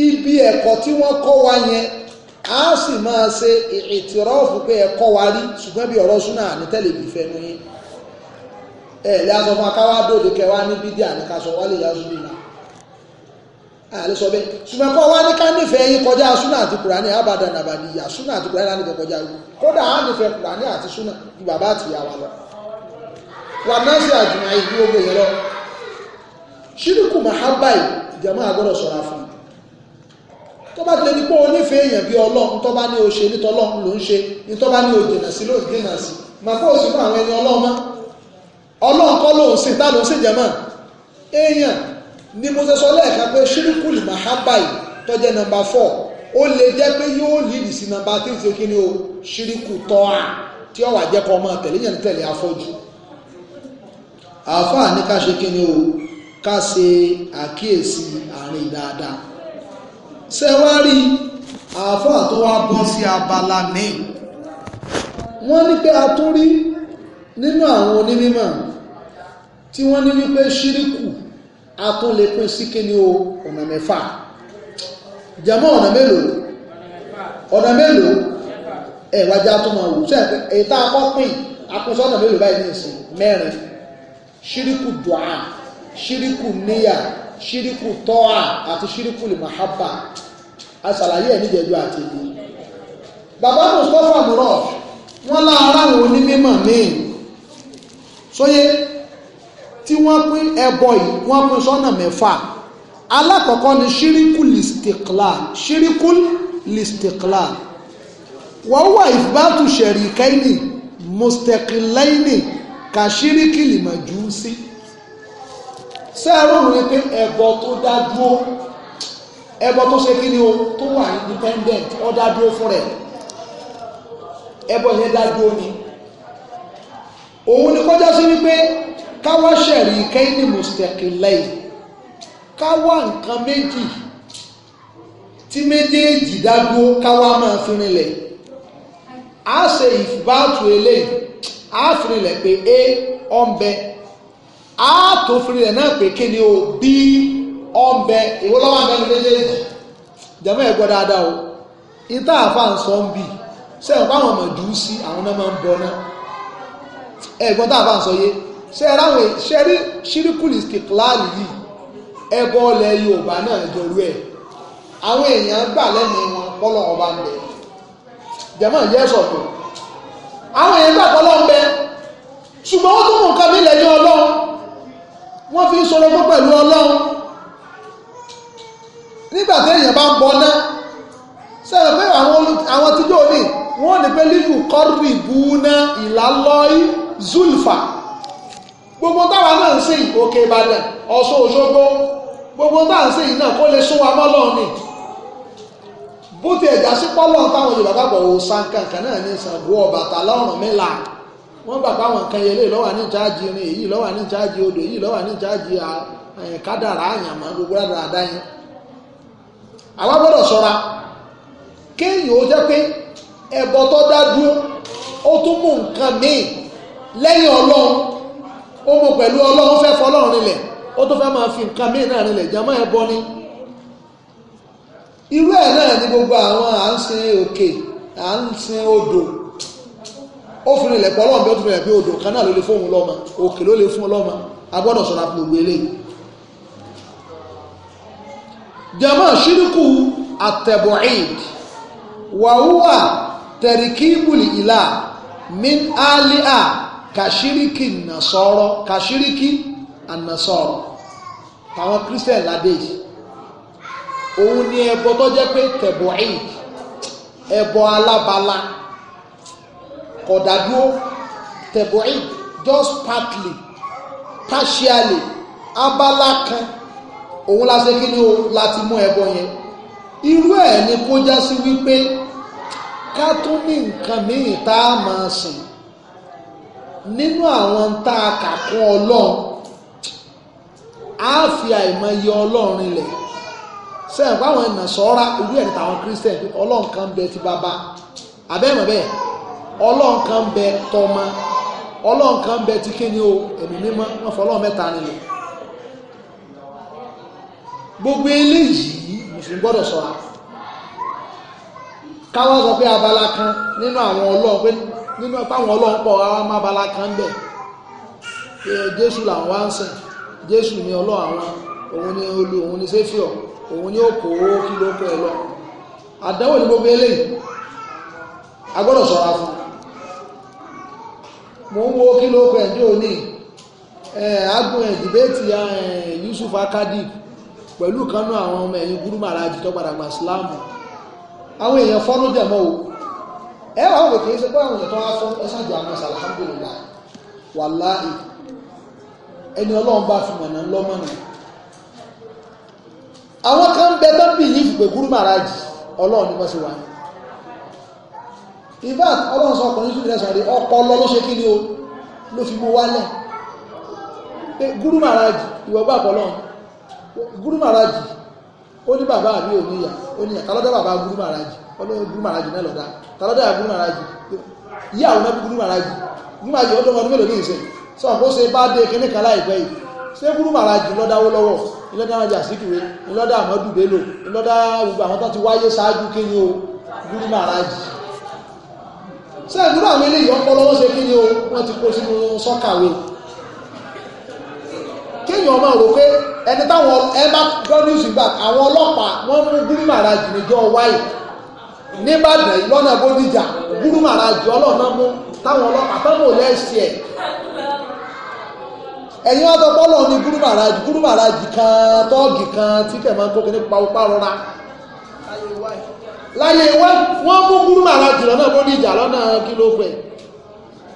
ibi ẹ̀kọ́ tí wọ́n kọ́ wa yẹn a sì máa ṣe ìtìrọ́ọ̀fù pé ẹ̀kọ́ wa rí ṣùgbọ́n bí ọ̀rọ̀ súnà ní tẹ́lẹ̀bì fẹnu yín ẹ̀ lẹ́yìn aṣọ akáwá dòde kẹwàá ní bídíà ní ká wálé yá àlẹ́ sọ bẹ́ẹ̀ ṣùgbọ́n kọ́ wá ní ká nífẹ̀ẹ́ yín kọjá súnà àti kùránì àbàdàn àbàdì ìyá súnà àti kùránì láti kọjá ìlú kódà á nífẹ̀ẹ́ kùránì àti súnà ju bàbá àti ìyá wa lọ. wà náà sí àjùmọ̀ ìlú ogun yẹn lọ ṣírìkù màhábà yìí ìjàmọ́ àgbọ̀dọ̀ sọ̀rọ̀ fún un tó bá tẹ̀lé pé o nífẹ̀ẹ́ èèyàn bí ọlọ́run tó bá ní o ṣe nítọ́ ọlọ́run ló ń ṣe ní ọlọ́run ni mo ṣe sọ lẹ́ẹ̀kan pé ṣírìkùlì mahabai tọ́jẹ́ nọmba four ó lè jẹ́ pé yóò lídì sí nọmba tí ń ṣe kí ni o ṣírìkù tọ́à tí ó wà jẹ́ kọ́ ọmọ tẹ̀lé yẹn tẹ̀lé afọ́jú àáfàá ní ká ṣe kí ni o ká ṣe àkíyèsí àárín dáadáa ṣe wá rí àáfàá tó wá bọ́ sí abala míì wọ́n ní pé a nínú àwọn onímọ̀ tí wọ́n ní wípé ṣírìkù a tún lè pín sí kí ni o ọ̀nà mẹ́fà jẹ́mọ́ ọ̀nà mélòó ọ̀nà mélòó ẹ̀ wájú àtúmọ̀ wò sẹ́ èyí tá a kọ́ pín àkóso ọ̀nà mélòó báyìí ní ìsìn mẹ́rin ṣíríkù dùá ṣíríkù níyà ṣíríkù tọ́à àti ṣíríkù lìmọ̀hábà aṣàlàyé ẹ̀ níjẹ̀jú àti ìlú bàbá mustapha murọ wọn lára àwọn onímọ̀ míì sóyè tí wọ́n pín ẹbọ yìí wọ́n pín sọ́nà mẹ́fà alákọ̀ọ́kọ́ ni shirikul istiqlal shirikul istiqlal wọ́n wà ìfúbátù ṣẹ̀ríkẹ́ni mustaqilaini kàṣíríkì lìmọ̀júsí sẹ́ẹ̀rọ̀ rẹ̀ pé ẹbọ tó dádúró ẹbọ tó ṣe kí ni o tó wà independent ó dádúró fún rẹ̀ ẹbọ yẹn dádúró ni òun ni kọjá sí wípé káwá ṣẹ̀rí kẹ́hìnì mùsùlùmí káwá nǹkan méjì tí méjèèjì dágbó káwá máa fi rinlẹ̀ á ṣe ìfúbáàtú eléyìí á fi rinlẹ̀ pé a ọ̀nbẹ á tó fi rinlẹ̀ náà pé kí ni o b ọ̀nbẹ ìwọ lọ́wọ́ àgbẹ̀ni méjèèjì jẹ́mọ́ ẹ̀ gbọ́ dáadáa o ìta àfáàn sọ ń bì sẹ́yìn fáwọn ọmọ jù ú sí àwọn náà máa ń bọ náà ẹ̀ gbọ́ tá àfáàn yé ṣe ráwọn ṣe rí ṣíríkùlì kìkìláàlì yìí ẹbọ ọlẹ yorùbá náà jọrú ẹ àwọn èèyàn gbà lẹ́nu wọn bọ́lọ̀ ọba ń bẹ jẹ̀mọ́ ìyẹ́ sọ̀tọ̀ àwọn èèyàn gbà bọ́lọ̀ ń bẹ ṣùgbọ́n wọ́n tún mú nǹkan mi lẹ́yìn ọlọ́run wọ́n fi ń sọ̀rọ̀ pé pẹ̀lú ọlọ́run nígbà tí èèyàn bá ń bọ ná sẹ́yìn pé àwọn tíjọ́ ní wọ́n ní pé lílù kọ́rì bú ná ìlálọ́í zulfa gbogbo táwa náà ń sìn òkè ìbàdàn ọ̀ṣun òṣogbo gbogbo táwa ń sìn náà kó lè sún wa mọ́ lọ́ọ̀ ni bó ti ẹ̀já sí pọ́lọ́ táwọn Yorùbá gbàgbọ́ òòsàn kankan náà ní Ṣàngó Ọbàtálá Ọ̀rúnmìlà wọ́n gbà báwọn nǹkan yẹn lè lọ́wọ́ ní ìjáàjì irin èyí lọ́wọ́ ní ìjáàjì odò èyí lọ́wọ́ ní ìjáàjì kádàrá àyàmọ́ gbogbo dáadáa yẹn. àwa gbọ́dọ̀ ṣọ́ra kéèyàn ó jẹ́ pé ẹ̀bọ tó dá dúró ó tún mú nǹkan míì lẹ́yìn Ọlọ́run ó mú pẹ̀lú ọlọ́run fẹ́ fọlọ́run rinlẹ̀ ó tó fẹ́ máa fi nǹkan míì náà rinlẹ̀ jàmọ́ ẹ̀ bọ́ ni irú ẹ̀ náà ni gbogbo àwọn à ń sin òkè à ń sin odò ó fi rinlẹ̀ pọ̀ ọlọ́run bí ó fi bí odò kan náà ló lè fóun lọ́mọ òkè ló lè fún ọlọ́mọ jàmọ́ ṣíríkù wàhúwà ìlà min kàṣíríkì nàṣọ́rọ́ kàṣíríkì ànàṣọ́rọ́ táwọn christian ládé yìí òun ni ẹbọ tó jẹ́ pé tẹ̀bọ̀ ẹ̀yìn ẹbọ alábala kọ̀dádúró tẹ̀bọ̀ just partly partially abala kan òun la ṣe kí ni o láti mú ẹbọ yẹn irú ẹ̀ ni kó já sí wípé ká tún ní nǹkan míì tá a máa sìn nínú àwọn tá a kà kún ọlọ́run á fi àìmọye ọlọ́run rinlẹ̀ sẹ́yìn pé àwọn ènìyàn sọ́ra irú ẹ̀ ní tàwọn christian ọlọ́run kan bẹ ti bàbá àbẹ́mọ̀ bẹ́ẹ̀ ọlọ́run kan bẹ tọmọ ọlọ́run kan bẹ ti kíni o ẹ̀mí mímọ́ wọn fọ ọlọ́run mẹ́ta rinlẹ̀ gbogbo eléyìí mùsùlùmí gbọ́dọ̀ sọ́ra káwọn sọ pé abala kan nínú àwọn ọlọ́run pé nínú ẹ̀páwọn ọlọ́run pọ̀ ara má bala kan bẹ̀ jésù làwọn wá ń sìn jésù ni ọlọ́run àwọn òun ni olú òun ni séfìọ̀ òun ni òkò owó kí ló kọ ẹ lọ àdánwò ni gbogbo eléyìí a gbọ́dọ̀ ṣọ́ra fún mo ń wo kí ló kọ ẹ̀ òní agbọn ẹ̀ dìbẹ́tì Yusuf Akadi pẹ̀lú kanú àwọn ọmọ ẹ̀yìn gúrú màrájì tó padà gbà síláàmù àwọn èèyàn fọ́nú dẹ̀ mọ́ o ẹ wà wọ́n kì í ṣe pé àwọn èèyàn tó wá fún ẹ ṣáàjì àwọn ẹ̀sà alhamdulillah wàláì ẹni ọlọ́run bá fi mọ̀nà lọ́mọ́nà àwọn kan bẹ tó bìlífù pé gúrú màrájì ọlọ́run ni wọ́n ṣe ní in fact ọlọ́run sọ ọkùnrin tún lẹ́sọ̀ rí ọkọ̀ lọ ló ṣe kí ni o ló fi mú wálẹ̀ pé gúrú màrájì ìwọ̀ gbà pọ̀ lọ́run gúrú màrájì ó ní bàbá àbí òníyà ó ní ẹ̀ka lọ́dọ̀ bàbá gúrú màrájì ọlọ́run gúrú màrájì náà lọ́dá tàlọ́dá gúrú màrájì yíyà àwọn ẹbí gúrú màrájì gúrú màrájì ọdún ọdún mélòó ní ìsìn sọ kó ṣe bá dé kíní kan láìpẹ́ yìí ṣé gúrú màrájì lọ́dáwó lọ́wọ́ ìlọ́dá wọn jà síkìwé ìlọ́dá àmọ́dù bello ìlọ́dá gbogbo àwọn tó ti wáyé ṣáájú kíní o gúrú màrájì ṣé ìgúrú àwọn eléyìí ọpọlọ wọn ṣe kíní o wọn ti kó sínú sọ́kàwé kéèyàn máa rò pé ẹni táwọn ẹ bá gbọ́ news gbà àwọn ọlọ́pàá wọ́n mú gúrú màrájì níjọ́ wáyé nìbàdàn lọ́nà bódìjà gúrúmàrà jù ọlọ́ọ̀nà mú táwọn ọlọ́pàá táwọn ò lẹ́sì ẹ̀ ẹ̀yin wá tọpọ́ lọ ní gúrúmàrà jù gúrúmàrà jù kan tọ́ọ̀gì kan tí kẹ̀ máa ń gbókè nípa ọpá rọra láyé wá wọ́n mú gúrúmàrà jù lọ́nà bódìjà lọ́nà kílófẹ̀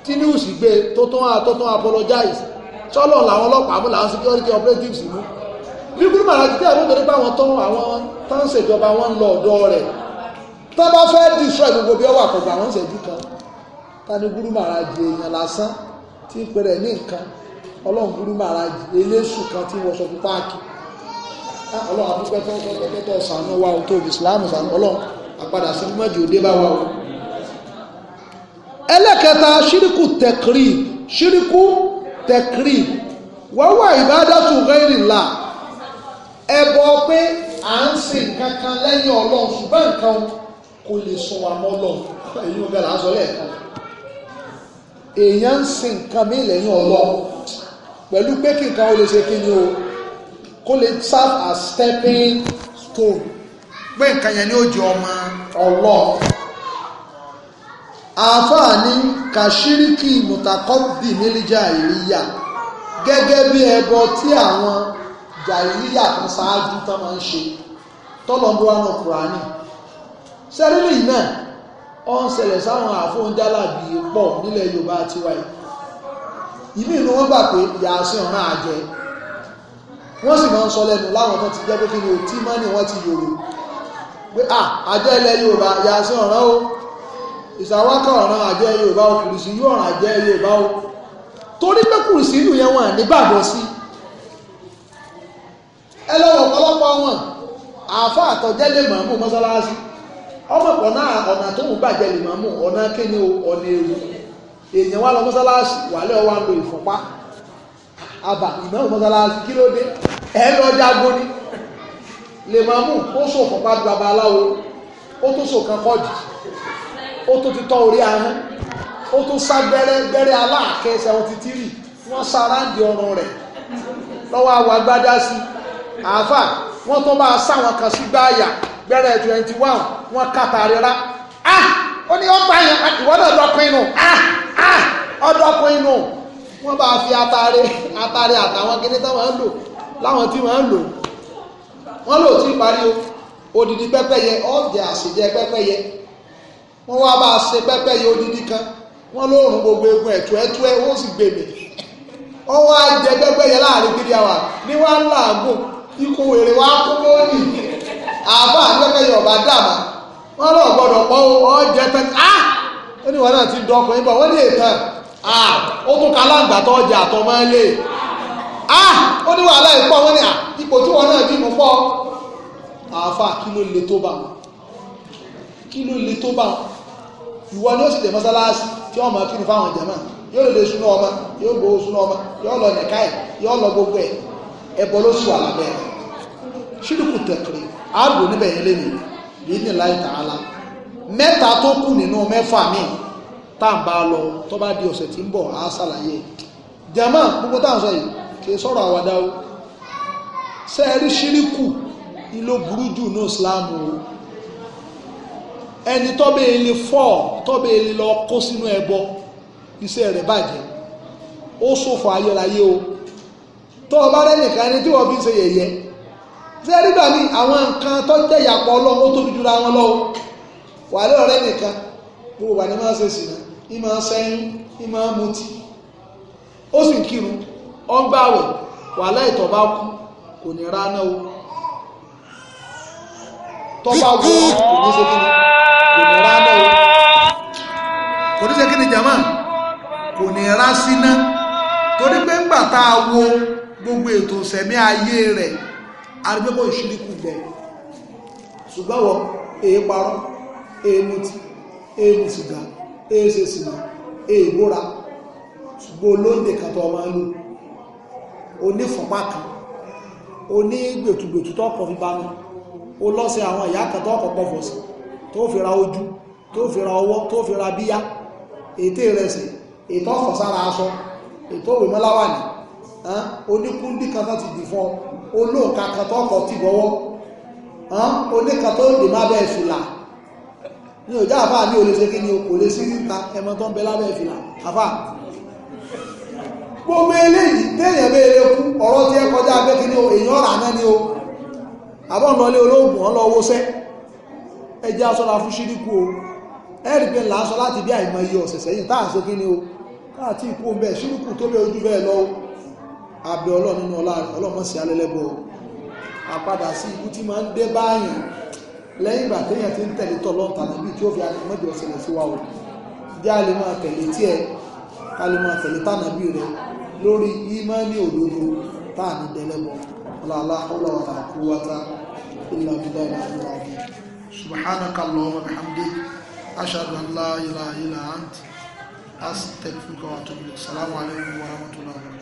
tí ní òsì gbé tó tún àtọ́ tún apologize sọ́lọ̀ làwọn ọlọ́pàá mú làwọn security operatives mú bí gúrúmàrà jù tẹ́ àwọn obìnrin bá wọn tán àwọn tán ṣèjọba wọn ń lọ ọ̀dọ́ rẹ̀ tó bá fẹ́ destroy gbogbo bí ọwọ́ àkọ́gbà wọn ṣẹ́jú kan tani Guru Maharaj èèyàn lásán tí ń pẹrẹ ní nǹkan ọlọ́run Guru Maharaj eléṣù kan tí wọ́n sọ fún páàkì ọlọ́run àdúgbẹ́ tó ń tọ́ sànú wa o tó ìsìlámù sànú ọlọ́run àpadà sí mọ́jì òde bá wa o. ẹlẹ́kẹta ṣíríkù tẹ̀kírì ṣíríkù tẹ̀kírì wọ́n wà ìbádàtú ghairilla ẹ̀bọ pé à ń sìn kankan lẹ́yìn ọlọ́run ṣùgbọ́n nǹkan kó lè sún wa mọ́lọ̀ èyí ọ̀gá là ń sọ lẹ́ẹ̀kan èèyàn ń sin nǹkan mí lẹ́yìn ọlọ́run pẹ̀lú pé kí nǹkan ó lè ṣe kí ni o kó lè serve as stepping stone pé nǹkan yẹn ni ó jẹ ọmọ ọlọ́run àáfàá ní kàṣíríkì mùtàkọ́bì nílíjà ìrìyà gẹ́gẹ́ bí ẹbọ tí àwọn jàìríyà kan ṣáájú tán máa ń ṣe tọ́lọ́mú náà kùránì sẹ́rílì náà ọ ń ṣẹlẹ̀ sáwọn àfóúnjálàbí pọ̀ nílẹ̀ Yorùbá tiwa yìí ìmí inú wọn gbà pé yàásìn ọ̀ràn àjẹ wọ́n sì máa ń sọ lẹ́nu láwọn tó ti jẹ́ pé kí ni òtí mọ́ ni wọ́n ti yòrò pé à àjẹ́ ilẹ̀ Yorùbá yàásìn ọ̀ràn o ìsàwákà ọ̀ràn àjẹ́ Yorùbá o kùrìsì yóò ọ̀ràn àjẹ́ Yorùbá o torí pé kùrìsì ìlú yẹn wọn nígbàgbọ́ sí ẹ lọ́wọ́ ọ̀pọ̀lọpọ̀ wọn àáfà àtọ̀jẹ́ lè mọ̀ mú mọ́sálásí ọmọ pọ̀ náà ọ̀nà tó ń bàjẹ́ lè máa mú ọ̀nà kíni ọ̀nà èrò èèyàn wá lọ mọ́sálásì wàlẹ́ ọwọ́ ń lo ìfọ̀pá àbà ìmọ̀ mọ́sálásì kí ló dé ẹ̀ lọ jágún ni lè máa mú ó sọ ìfọ̀pá ju babaláwo ó tó sọ kan kọ́ọ̀dì ó tó ti tọ́ orí ahọ́n ó tó sá gbẹ́rẹ́ gbẹ́rẹ́ aláàkẹ́ seventy three wọ́n sá ráǹdì rẹ̀ lọ́wọ́ àwọn agbádá sí àáfà wọ́n tó bá sáwọn kan sí gbáàyà gbẹ́rẹ́ twenty one wọ́n kàtà rírá ah ó ní ọ̀pá yẹn ah, ìwọ náà lọ́kùn inú ah ah ọ̀dọ́kùn inú wọ́n bá fi atare atare àtàwọn kíní tó máa ń lò láwọn tí máa ń lò wọ́n lò tí parí o odidi pẹ́pẹ́yẹ ọ̀jẹ̀ àṣejẹ pẹ́pẹ́yẹ wọ́n wá bá a ṣe pẹ́pẹ́yẹ odidi kan wọ́n lóorùn gbogbo egun ẹ̀tú ẹ̀tú ẹ̀ wọ́n sì gbèmí ó wá jẹ pẹ́pẹ́yẹ láàrin three hours ní wàá làágùn ikú wèrè wá kú lónìí. àbá àgbẹ̀kẹ̀yẹ ọ̀bá dàmà wọn lọ gbọdọ̀ pọ̀ ọ̀jẹ̀ tán á ó ní wọn náà ti dọ ọkùnrin bọ̀ wọ́n lè tán á ó tún tó ọjà àtọ́ máa lè á ó ní wàhálà ìpọ̀ wọn ni ipò tí wọn náà bímọ àáfà le tó bá wọn le tó bá wọn ìwọ ni ó sì tí máa fáwọn yóò lè ọmọ yóò gbowó ọmọ yóò lọ nìka yóò lọ gbogbo ló sùn á dùn níbẹ̀ yẹn lẹ́nu ìdílé láì tààlà mẹ́ta tó kù nínú mẹ́fà míì tá à ń bá a lọ tó bá di ọ̀sẹ̀ tí ń bọ̀ á ṣàlàyé jama gbogbo tá à ń sọ yìí kì í sọ̀rọ̀ àwàdà o ṣe é rí ṣíríkù ìlò burú jù ní ìsìláàmù o ẹni tọ́bẹ̀ ilé fọ́ tọ́bẹ̀ ilé lọ kó sínú ẹbọ iṣẹ́ rẹ̀ bàjẹ́ ó ṣòfò ayérayé o tọ́ ọ bá rẹ́ nìkan ẹni tí wọ́n fi ń ṣe yẹ̀yẹ́ ṣé ẹ awọn míì àwọn nǹkan tó jẹ́ ìyàpọ̀ ọlọ́run ó tóbi jùlọ àwọn lọ́wọ́ wà lé ọ̀rẹ́ nìkan gbogbo àwọn ní máa ṣe sí i máa sẹ́yìn í máa mutí ó o tọ́ bá kò ra náà o kò ní gbogbo ètò ìsẹ̀mí ayé rẹ̀ arúgbẹ́mọ̀ ìṣíríkù jẹ ṣùgbọ́n wọ èé parọ́ èé mutí èé mu sìgá èé ṣe sìgá èé wúra ṣùgbọ́n olóńdè kan tó máa ń lò onífọ̀pá kan onígbètùgbètù tọ́kọ̀ fi bá wọn ó lọ́sẹ̀ àwọn ìyá kan tọ́kọ̀ pọ̀fọ̀sì tó fi ra ojú tó fi ra ọwọ́ tó fi ra bíyá ètè ìrẹsì ètò ọ̀fọ̀ sára aṣọ ètò òwe mọ́láwà ní oníkúndí kan tó ti dì fún ọ olóòka kan tó ọkọ̀ ti bọ́wọ́ oníkan tó dè má bẹ́ẹ̀ fìlà ní òjá àfà ní olè ṣe kí ni kò lè sí níta ẹmọ tó ń bẹ lábẹ́ fìlà àfà gbogbo eléyìí téèyàn bẹ́ẹ̀ lè kú ọ̀rọ̀ tí ẹ kọjá abẹ́ kí ni o èèyàn rà náà ni o àbọ̀ lọlé olóògùn ọ̀n lọ owó sẹ́ ẹ jẹ́ aṣọ́ra fún ṣíríkù o ẹ rí pé làásọ láti bí àìmọye ọ̀sẹ̀ sẹ́yìn táà ṣe kí ni o táà tí ìkú ń bẹ ṣíríkù tó bẹ ojú bẹ́ẹ̀ lọ abẹ ọlọrun nínú ọlọrun rẹ̀ ọlọ́mọ sí alẹ́lẹ́bọ̀ àpadà sí ikú tí máa ń dé báyìí lẹ́yìn ìgbà téèyàn ti ń tẹ̀lé tọ́lọ́n tàbí tí ó fi àti sí wa o já lè máa tẹ̀lé tí ẹ ká lè máa tẹ̀lé tànàbí rẹ lórí ìmánì òdodo tá à ní dẹlẹ́bọ̀ ọlọ́lá ọlọ́wà àkúwátá bíbá ìlà ìlà ọ̀gbìn subhanaka ilaha